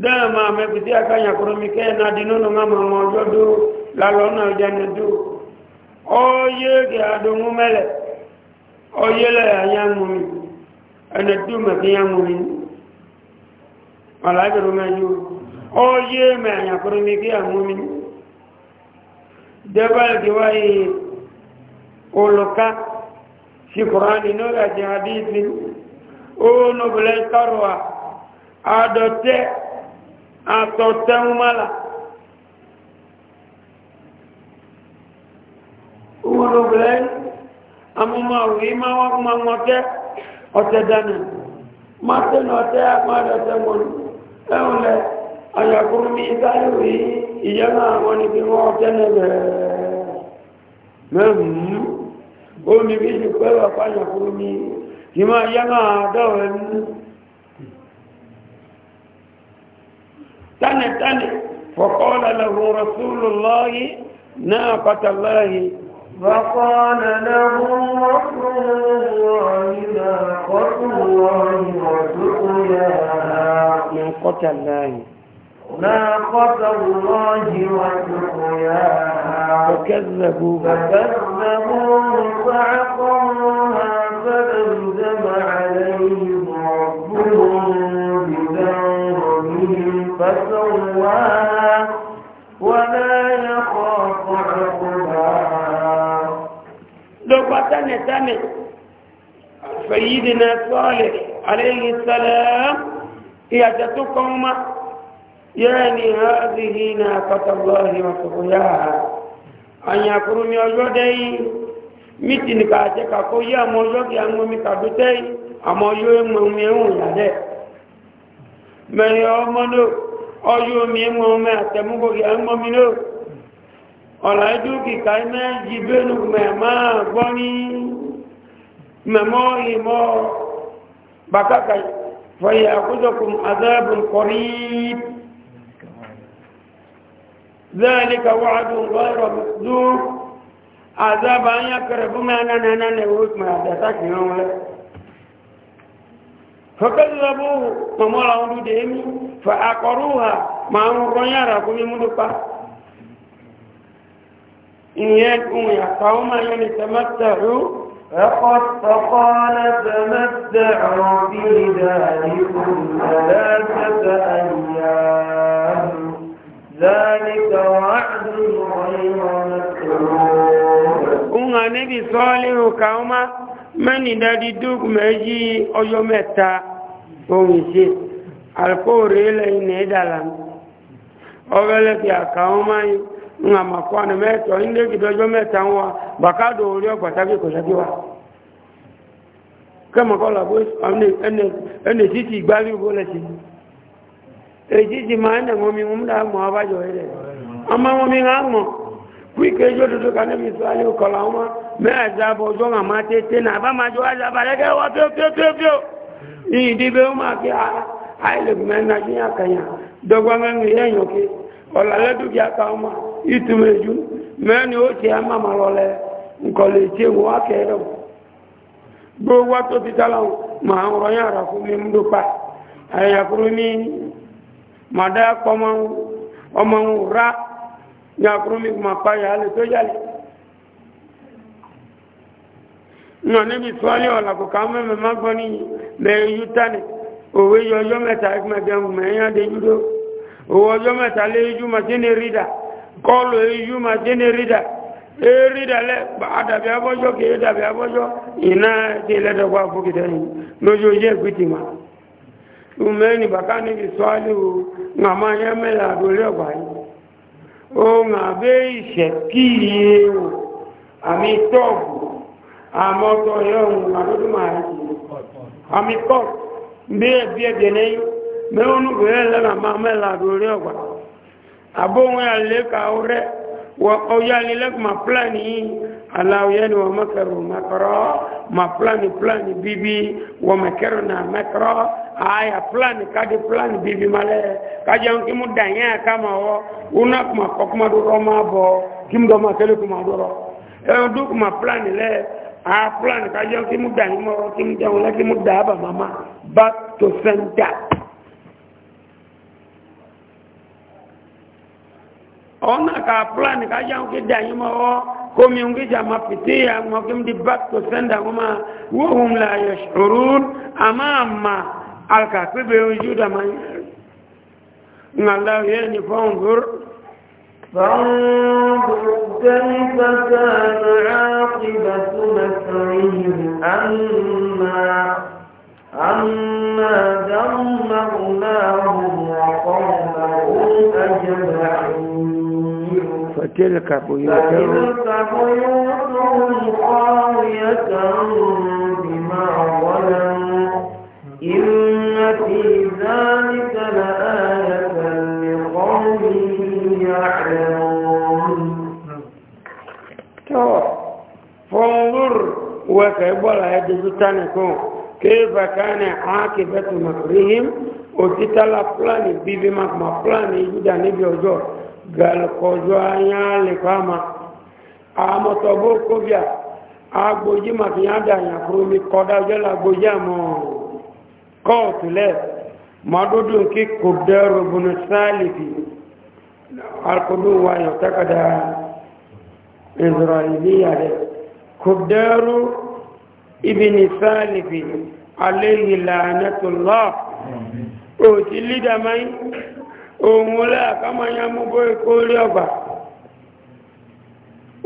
[SPEAKER 1] dẹ́ẹ̀mà mẹ́kùtí àkányàkùrọ̀ mi kẹ́ẹ̀nà dínúnù mọ́mọ́ ọjọ́ dó lálọ́nà ìjẹni dó ọyé gẹ̀ àdóhun mẹ́lẹ̀ ọyé lẹ́yàyàmùmí ẹni tó mẹ́kíyàmùmí aláìbẹ̀rù mẹ́jú ọyé mẹ́yàkùrọ̀ mi kíyàmùmí dẹ́bàlì kí wáyé olùká sí kùránì náà àti àdíjì ó nọ́bùlẹ̀ tọ́rọ̀ àdọ̀tẹ́ àtọ̀tẹ́húnmọ́là wọn obìnrin amúmọ̀ òwú má wọ́n kún ma wọ́n tẹ́ ọ̀tẹ́ dánà má tẹ́nà ọ̀tẹ́ àpáàdọ̀tẹ́ wọn ẹ̀hùn lẹ àyàkúrú mi sáyé wí ìyá náà wọn ni bí wọ́n ọ̀tẹ́ nẹ̀bẹ̀ẹ́ mẹ́hùn omi bí ìpẹ́lẹ̀ ọ̀pá àyàkúrú mi kì máa yá náà
[SPEAKER 2] تاني تاني فقال له رسول الله ناقة الله فقال له رسول الله ناقة الله وسقياها ناقة الله ناقة الله وسقياها فكذبوا فكذبوا فعقروها فدمدم عليهم سواها ولا يخاف عقباها لو فتنة سنة
[SPEAKER 1] سيدنا صالح عليه السلام يجتكم يعني هذه ناقة الله وسقياها أن يكون يوجدي mítì ní kàájẹ́ kàkó yí àmọ́ ọjọ́ kí a يوم mọ́mí kàdó tẹ́yìn àmọ́ ọjọ́ omi ẹmọ ọmọ àtẹmúgbòkè ẹmọmínú ọ̀là ìdúkì káìmẹ́ jìbẹ́nu mẹ̀má gbọ́ ní mẹ̀mọ́ ìmọ̀ bàkàkà fọyẹ àkójọkùn azẹ́bùn kọrí ذلك وعد غير مكذوب عذاب أن يقرب ما نننا نوت ما دتك يوم فكذبوه فما لهم ديمي fa akọrùhà máa ń rọ yàrá kó mímú ló pa
[SPEAKER 2] ìyẹn ohun ìyàpá ó máa yọ ní tẹmẹtẹrù فقد فقال تمتعوا في ذلكم ثلاثة أيام ذلك وعد غير
[SPEAKER 1] مكروه أنا نبي صالح كوما من دادي دوك مجي أيوم متى ومشيت alkóòrè ilẹ̀ ilẹ̀ ìdàlànà ọ̀rẹ́lẹ̀ ti àkàwọn máa ń ń àmàkọ́ àná mẹ́tọ̀ ilé ìdọ́jọ́ mẹ́ta ń wa bàkádò orí ọgbàtàbí kò ṣẹ́bí wa kẹ́mọ̀kọ́ làbó ẹni títí ìgbálú ìbó lẹ́sí èyí ti máa ń dẹ̀mọ́ mi ailegme ya kanya dogwangengi yenyoki olale dugia kauma itumeju meni oti ama malole nkole na akedo gbogbo ato titala ma n rọyìn ara fún mi ń dúpa àyàkúrú ní màdá pọmọ ọmọ ń rà yàkúrú mi mà payà lè tó yàlẹ. nà níbi tí wọ́n òwe yọ ọjọ́ mẹ́ta ẹgbẹ̀gbẹ̀rún mẹ́yìn adéjúdó òwe ọjọ́ mẹ́ta lé ijú màtíní rídà kọlù ijú màtíní rídà ee rídà lẹ àdàbí abọ́jọ́ kìí dàbí abọ́jọ́ iná ti lẹ́dọ̀kọ́ àfúkìtẹ́ yìí lójú ojú ẹ̀gbìtì mà umeni bàkà níbi o ńà máa yẹ mẹ́lẹ̀ ọ̀gbà yìí o ńà bẹ́ ìṣẹ́ kí o àmì mbee bie bie n'eyi mbee e lɛ na ma mɛ la do ri ɔgba abo ŋun ya le ka o rɛ wa o ya ni lɛ kuma ala o yɛ ni wa ma kɛrɛ o ma kɔrɔ ma plan plan bibi wa ma kɛrɛ na ma kɔrɔ aya plan ka di bibi ma lɛ ka kama wɔ kuma kɔ kuma ma bɔ kim dɔ ma kuma do ɛ kuma lɛ a ka ma wɔ kim e, ma ma. back to center. Ona ka plan ka jẹun kí dàyín mọ́ ọ́ kómi ń gíjà máa fìtí àwọn kí ń di back to center wọ́n máa wóhùn láàyè ṣòrún àmà àmà alkàpébé ojú dàmà
[SPEAKER 2] ń aláwọ̀ yẹn ní fọ́n gbòòrò. فانظر كيف كان عاقبة مسعيهم أما عما دمرناهم وقومهم أجمعين
[SPEAKER 1] فتلك بيوتهم
[SPEAKER 2] خاوية بما ظلموا إن في ذلك لآية لقوم يعلمون فانظر وكيف ولا يجب
[SPEAKER 1] تنكون kéèfà káàní àákébẹ́tù màkìrìhìm òtítàlá fúlàní bíbí ma fúlàní yúdà níbi ọjọ́ gàlùkọjọ́ ayánlẹ̀kọ́mà àmọ́tọ̀bó kóbíà agbójí màkìyàndà àyàfúrúmi kọ́dá ọjọ́ làgbójí àmọ́ kọ́ọ̀tù lẹ̀ mọ́dúdùn kí kò dẹ́rù bùnú sáàlìfì
[SPEAKER 2] alkùdùn wa yàn
[SPEAKER 1] tákàdá ìzọ̀rọ̀ ìlíyà rẹ̀ sáàlìfì aléyìn lànà tó lọ òtí lídà máyí òun lẹ́ àkámọ́yá mú bó ikó rí ọgbà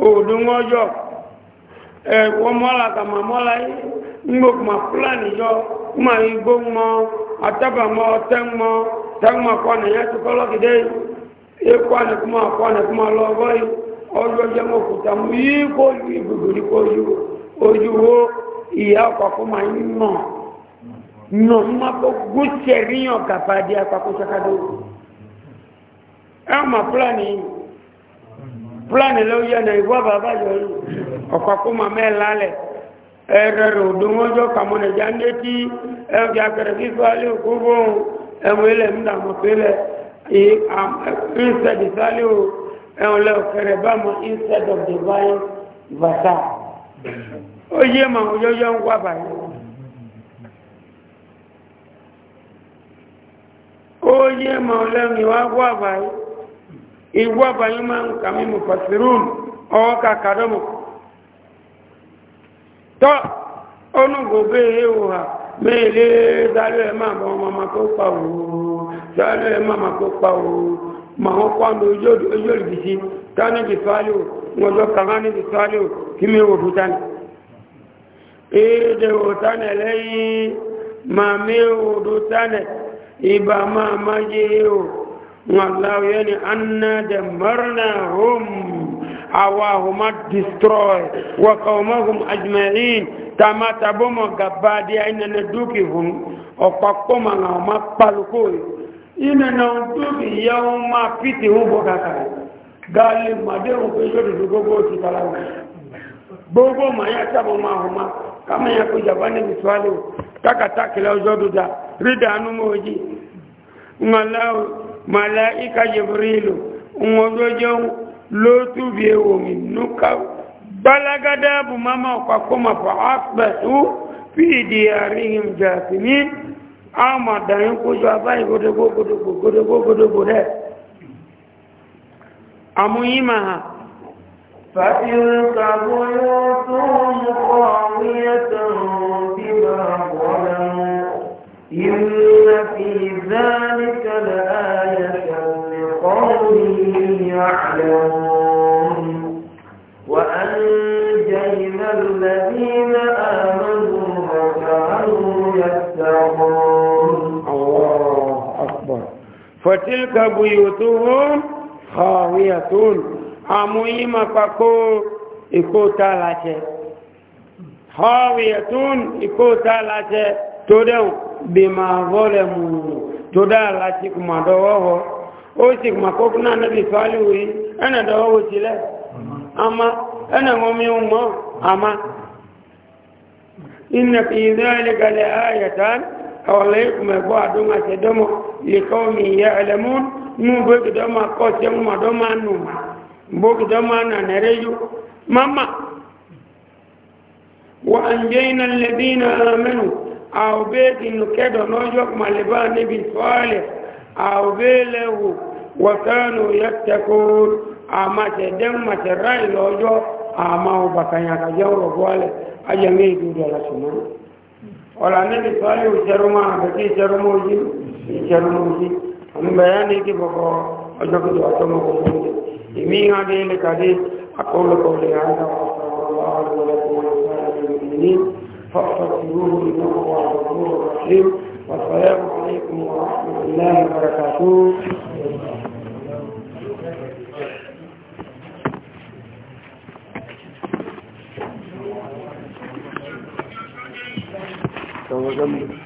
[SPEAKER 1] òdúnwọ́jọ́ ẹ̀wọ́ mọ́lá kàmà mọ́lá yí ngbòkùnmà fúlàní yọ kúmà igbó mọ́ àtẹ́bàmọ́ tẹ́mọ́ tẹ́mọ́ ikú yìí ọjọ́ jẹ́ mọ́kùtà mú yí kó kó ojú wo ìyá ọkọ̀ fún màá no mako gucherinyo kapadia kwa kuchakado ama plani plani leo yana igwa baba yo okwa kuma melale erere udungojo kamone jandeti ya e kerekiso ali ukubo emwele mda mapele i e, am instead sali o enle kereba mo instead of divine vata oye ma ojojo ngwa bayo onye ma ole nyiwa gwa abalị igwa abalị ma nka mi mu fasirun ọwọ ka kadomo tọ onugo be ha ụha mele zalụ ema ma ọma ma ko pa ooo zalụ ema ma ko pa ooo ma ọ kwando ojú olùbìsí tani bìsọ alẹ o ngọjọ kàwọn ni bìsọ alẹ o kí mi wò fúta ni ee de wò tani ma mi wò do tani. ìbá máa má yé o wọn láwọ́ ni anna da marna home awa homa destroy wa kawoma home ajma'in ta ma tabo mo gaba di aina na duki hun ọ̀pọ̀pọ̀ ma na ọma kpaluko ina na duki ya ọma piti hun bọ kakari gaali made yóò dudu gbogbo ti kala wọn gbogbo ma ya tabo ma homa kama ya ko jaba ni misuwalo takata ọjọ́ duda rida numoji ngalau malaika jibrilu ngodojo lotu biewo minuka balagada bu mama kwa koma fa asbatu fi diyarihim jathimin ama dayin ko jo abai godo godo godo godo godo amuima
[SPEAKER 2] فإن بيوتهم خاوية ذلك لآية لقوم يعلمون وأنجينا الذين آمنوا وكانوا يتقون الله أكبر
[SPEAKER 1] فتلك بيوتهم خاوية أمويما فكو إكو لاتي خاوية إكو لاتي تدو بما ظلموا toda la chikuma dowoho o chikuma kokuna na bifali wi ana dowoho chile ama ana ngomi umo ama inna fi dhalika laayatan awlaykum ba'duma tadumu liqawmi ya'lamun nu bogdoma ko chemma doma numa bogdoma na nereju mama wa anjayna alladhina amanu àwòbéèdì nùkẹ́dọ̀ lọ́jọ́ màlẹ́bá níbi ìfọ́ọ̀lẹ̀ àwòbéèlẹ́wò wọ̀tánù yẹ́tẹ̀kọ́ àmàtẹ̀dẹ́m màtẹ̀rá ìlọ́jọ́ àmà òbàkànyàkàjẹ́ òrògbọ́ọ̀lẹ̀ ajẹ́mí ìdúdú ọ̀làṣùmọ́ ọ̀là níbi ìfọ́ọ̀lẹ̀ ìṣẹ́rùmọ́ àbẹ̀kí ìṣẹ́rùmọ́ ojú ìṣẹ́rùmọ́ ojú àmì bẹ̀yà ní kí bọ̀kọ́ ọjọ́ kejì ọ̀tọ́mọ́ gbogbo ìmí ìhàdé ilẹ̀ kàdé
[SPEAKER 2] akọ́lọ́kọ̀ọ́lẹ̀ àríkà فاستغفروه انه هو الغفور الرحيم والسلام عليكم ورحمه الله وبركاته Então, vamos...